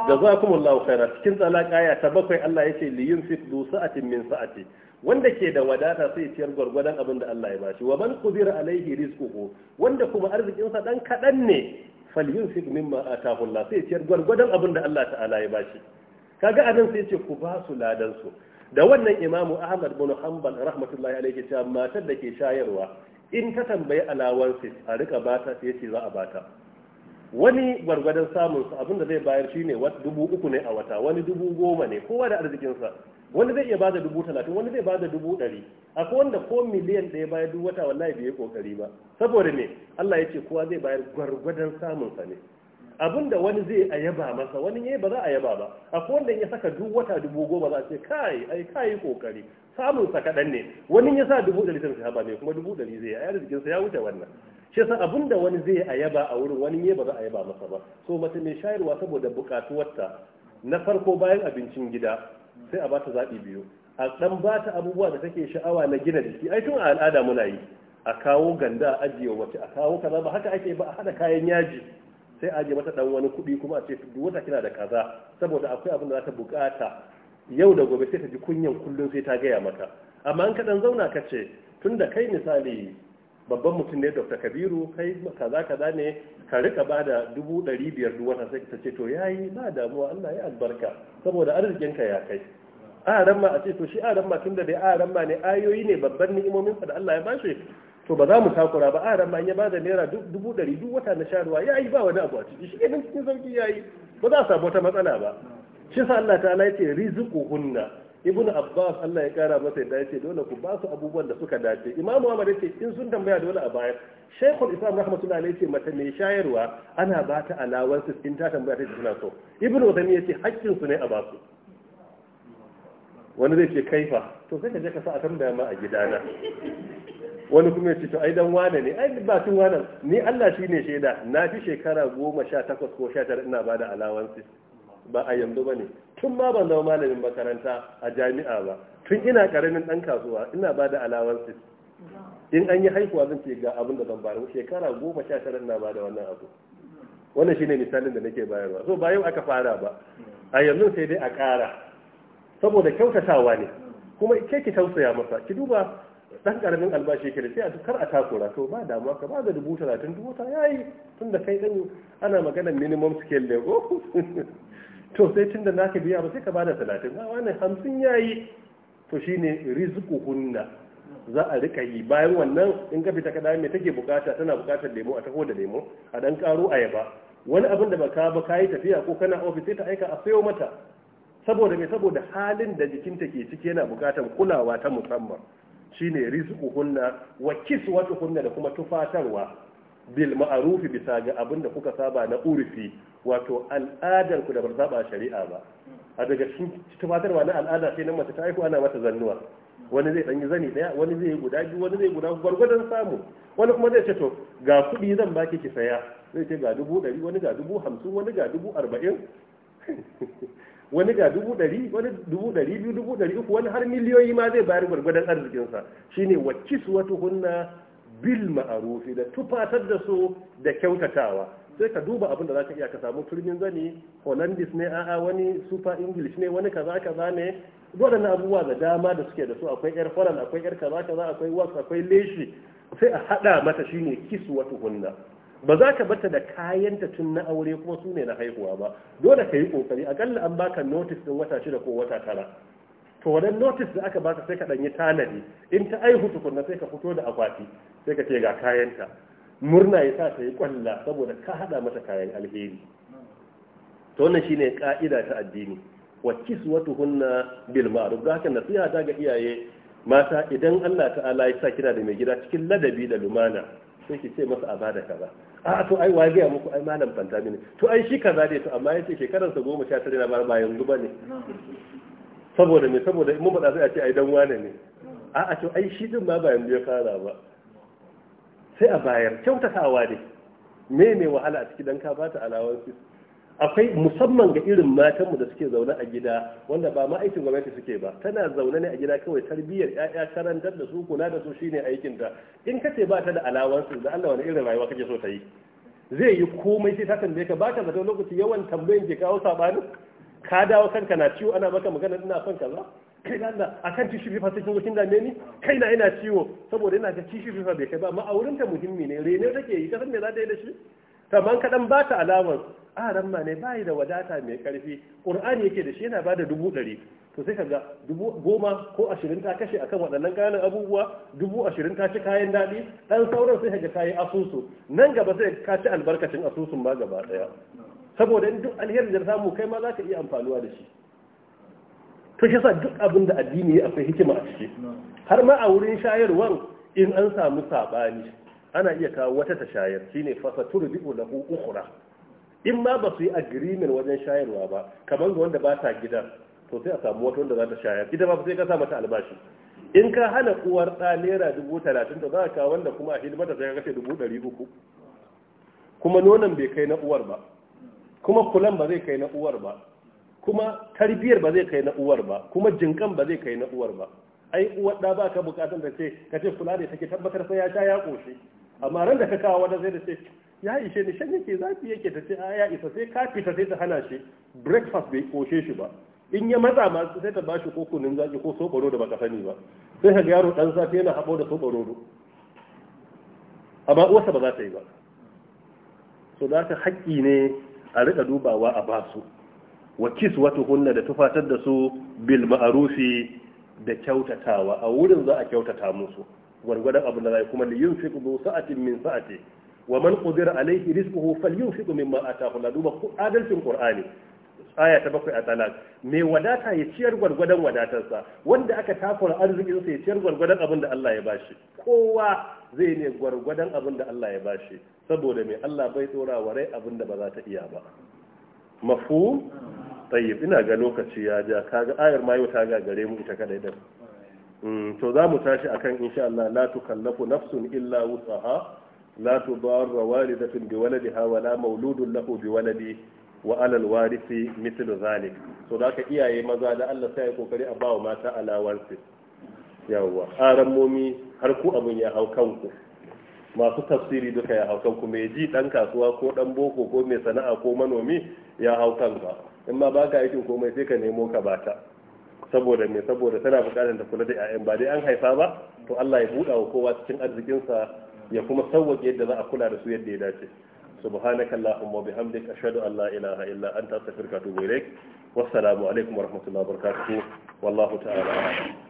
جزاكم الله خيرا cikin tsalaka aya ta bakwai Allah yace liyunfiq ذو سعة min sa'ati wanda ke da wadata sai ciyar gwargwadon abin da Allah ya bashi wa man qudira alaihi rizquhu wanda kuma arzikin sa dan kadan ne falyunfiq mimma ataahu Allah sai ciyar gwargwadon abin da Allah ta'ala ya bashi kaga anan sai ce ku ba su ladan su da wannan imamu Ahmad bin Hanbal rahmatullahi alaihi ta matar da ke shayarwa in ta tambayi sai a rika bata sai ce za a bata wani gwargwadon samun su abin da zai bayar shine dubu uku ne a wata wani dubu goma ne kowa da arzikin sa wani zai iya ba da dubu talatin wani zai ba da dubu ɗari akwai wanda ko miliyan ɗaya baya duk wata wallahi bai yi kokari ba saboda me Allah ya ce kowa zai bayar gwargwadon samun sa ne abin da wani zai a yaba masa wani ne ba za a yaba ba akwai wanda ya saka duk wata dubu goma za a ce kai ai kai kokari samun sa kaɗan ne wani ya sa dubu ɗari sai haba ne kuma dubu ɗari zai a jikinsa ya wuce wannan shi yasa abin da wani zai a yaba a wurin wani ne ba za a yaba masa ba so mace mai shayarwa saboda buƙatuwarta na farko bayan abincin gida sai a ba ta zaɓi biyu a ɗan ba ta abubuwa da take sha'awa na gina jiki ai tun a al'ada muna yi a kawo ganda a ajiye wace a kawo kaza ba haka ake ba a haɗa kayan yaji sai a ajiye mata ɗan wani kuɗi kuma a ce duk wata kina da kaza saboda akwai abin da za ta buƙata yau da gobe sai ta ji kunyan kullum sai ta gaya maka amma in ka ɗan zauna ka ce tun da kai misali babban mutum ne dr kabiru kai kaza kaza ne ka rika ba da dubu ɗari biyar duk wata sai ta ce to yayi ba damuwa allah ya albarka saboda arzikin ka ya kai aran ma a ce to shi aran ma tun da dai aran ma ne ayoyi ne babban ni'imomin da allah ya bashi to ba za mu takura ba aran in ya ba da naira dubu ɗari duk wata na sharuwa yi ba wani abu a ciki shi ne cikin sauki yi, ba za a samu wata matsala ba shi sa allah ta ala ya ce ibn abbas allah ya kara masa yadda yace dole ku ba su abubuwan da suka dace imamu ahmad yace in sun tambaya dole a bayar shaykhul islam rahmatullahi alayhi mata mai shayarwa ana ba ta alawansu in ta tambaya ta tana so ibn uthaymin yace haƙƙin su ne a ba su wani zai ce kaifa to sai ka je ka sa a tambaya ma a gidana wani kuma ce to ai dan wane ne ai ba tun wane ni Allah shine shaida na fi shekara goma sha takwas ko sha tara ina bada alawansu ba a yanzu ba ne tun ma ban zama malamin makaranta a jami'a ba tun ina karamin ɗan kasuwa ina ba da alawarsu in an yi haihuwa zan ce ga abin da zan bayar shekara goma sha tara ina ba da wannan abu wannan shine misalin da nake bayarwa so ba yau aka fara ba a yanzu sai dai a ƙara saboda kyautatawa ne kuma ke ki tausaya masa ki duba ɗan karamin albashi ke da sai a kar a takura to ba damuwa ka ba da dubu talatin dubu ta yayi da kai dan ana maganar minimum scale ne to sai tun da naka biya ba sai ka bada talatin a wani hamsin ya yi to shi ne riziku hunna za a rika yi bayan wannan in ka fita kaɗa mai take bukata tana bukatar lemo a taho da lemo a ɗan a ayaba wani abin da baka ba kayi tafiya ko kana ofis sai ta aika a sayo mata saboda mai saboda halin da jikinta ke ciki yana bukatar kulawa ta musamman shine riziku hunna wa kiswatu hunna da kuma tufatarwa bil ma'arufi bisa ga abin da kuka saba na urufi wato al'adar ku da bar zaba shari'a ba a daga cikin tumatarwa na al'ada sai nan mace ta haihu ana mata zannuwa wani zai danyi zani daya wani zai guda biyu wani zai guda gwargwadon samu wani kuma zai ce to ga kuɗi zan baki ki saya zai ce ga dubu ɗari wani ga dubu hamsin wani ga dubu arba'in wani ga dubu ɗari wani dubu ɗari biyu dubu ɗari uku wani har miliyoyi ma zai bayar gwargwadon arzikinsa shine wacce su wata hunna bil ma'arufi da tufatar da su da kyautatawa sai ka duba abin da za ka iya ka samu turmin zani hollandis ne a'a wani super english ne wani kaza kaza ne na abubuwa da dama da suke da su akwai yar faran akwai yar kaza kaza akwai wax akwai leshi sai a hada mata shine kiswatu hunna ba za ka bata da kayan ta tun na aure kuma su ne na haihuwa ba dole ka yi kokari akalla an baka notice din wata shida ko wata tara to wannan notice da aka baka sai ka danyi tanadi in ta aihu tukunna sai ka fito da akwati sai ka ce ga kayan ta. murna ya sa ta yi kwalla saboda ka hada mata kayan alheri to wannan shine ka'ida ta addini wa kiswatuhunna bil ma'ruf da haka nasiha ta ga iyaye mata idan Allah ta'ala ya sa kina da mai gida cikin ladabi da lumana sai ki ce masa a bada kaza a to ai wa ga muku ai malam fanta mini to ai shi kaza dai to amma yace shekarar sa 19 na bar ba yanzu ne. saboda me saboda mun faɗa sai a ce ai dan wane ne a a to ai shi din ma ba yanzu ya fara ba sai a bayar kyautatawa ne me mai wahala a ciki dan ka bata alawansu akwai musamman ga irin matanmu da suke zaune a gida wanda ba ma'aikin gwamnati suke ba tana zaune ne a gida kawai tarbiyyar ƴaƴa karantar da su kula da su shine aikin ta in kace ba ta da alawansu da Allah wani irin rayuwa kake so ta yi zai yi komai sai ta tambaye ka baka zato lokaci yawan tambayin ke kawo sabani ka dawo kanka na ciwo ana maka magana ina son kaza kai da Allah akan tissue sai kin kai na ina ciwo saboda yana ta tissue bai kai ba amma auren ta muhimmi ne rene take yi kasan me za ta yi da shi kaman kaɗan ba ta alamar a ramma ne bayi da wadata mai karfi ƙur'ani yake da shi yana ba da dubu ɗari to sai kaga dubu goma ko ashirin ta kashe akan waɗannan ƙananan abubuwa dubu ashirin ta ci kayan daɗi ɗan sauran sai kaga kayi asusu nan gaba sai ka ci albarkacin asusun ba gaba ɗaya saboda duk alherin da samu kai ma za ka iya amfanuwa da shi to shi sa duk abin da addini ya akwai hikima a ciki har ma a wurin shayarwan in an samu sabani ana iya kawo wata ta shayar shine fasatur bi'u lahu ukhra in ma ba su yi agreement wajen shayarwa ba kamar ga wanda ba ta gida to sai a samu wata wanda za ta shayar ita ba sai ka sa mata albashi in ka hana uwar ɗa naira dubu talatin da za ka wanda kuma a hidimata sai ka kashe dubu ɗari uku kuma nonon bai kai na uwar ba kuma kulan ba zai kai na uwar ba kuma tarbiyar ba zai kai na uwar ba kuma jinkan ba zai kai na uwar ba ai uwar da ba ka bukatar da ce ka ce kula da take tabbatar sai ya sha ya koshi amma ran da ka kawo wanda zai da ce ya ishe ni shan yake zafi yake ta ce ya isa sai ka fita sai ta hana shi breakfast bai koshe shi ba in ya matsa ma sai ta bashi ko kunun zaki ko soboro da ka sani ba sai ka ga yaro dan safe yana habo da soboro amma uwarsa ba za ta yi ba so da haka haƙƙi ne a riƙa dubawa a basu wa kiswatuhunna da tufatar da su bil ma'rufi da kyautatawa a wurin za a kyautata musu gwargwadon abin da zai kuma li yunfiqu sa'atin min sa'ati wa man qadira alayhi rizquhu falyunfiqu mimma ataahu la duba adalcin qur'ani aya ta bakwai a talat mai wadata ya ciyar gwargwadon wadatarsa wanda aka takura arzikin sa ya ciyar gwargwadon abin da Allah ya bashi kowa zai ne gwargwadon abin da Allah ya bashi saboda mai Allah bai tsora wa rai abin da ba za ta iya ba mafhum tayyib ina ga lokaci ya ja kaga ayar mayo ta ga gare mu ita kadai da mm, to za mu tashi akan insha Allah la tukallafu nafsun illa wusaha la tudarra walidatun waladiha wa la mauludun lahu waladi wa ala alwarisi mithlu zalik to da ka iyaye maza da Allah sai ya kokari a bawa mata alawarsu yawwa aran momi har ku abun ya hau kanku masu tafsiri duka ya hau kanku mai ji dan kasuwa ko dan boko ko mai sana'a ko manomi ya hau kanka in ma baka aikin komai sai ka nemo ka bata saboda me saboda tana bukatar ta kula da 'ya'yan ba dai an haifa ba to Allah ya buɗa wa kowa cikin arzikinsa ya kuma sauwaƙe yadda za a kula da su yadda ya dace subhanaka allahumma wa bihamdik ashhadu an la ilaha illa anta astaghfiruka wa atubu ilaik wassalamu alaikum wa rahmatullahi wa barakatuh wallahu ta'ala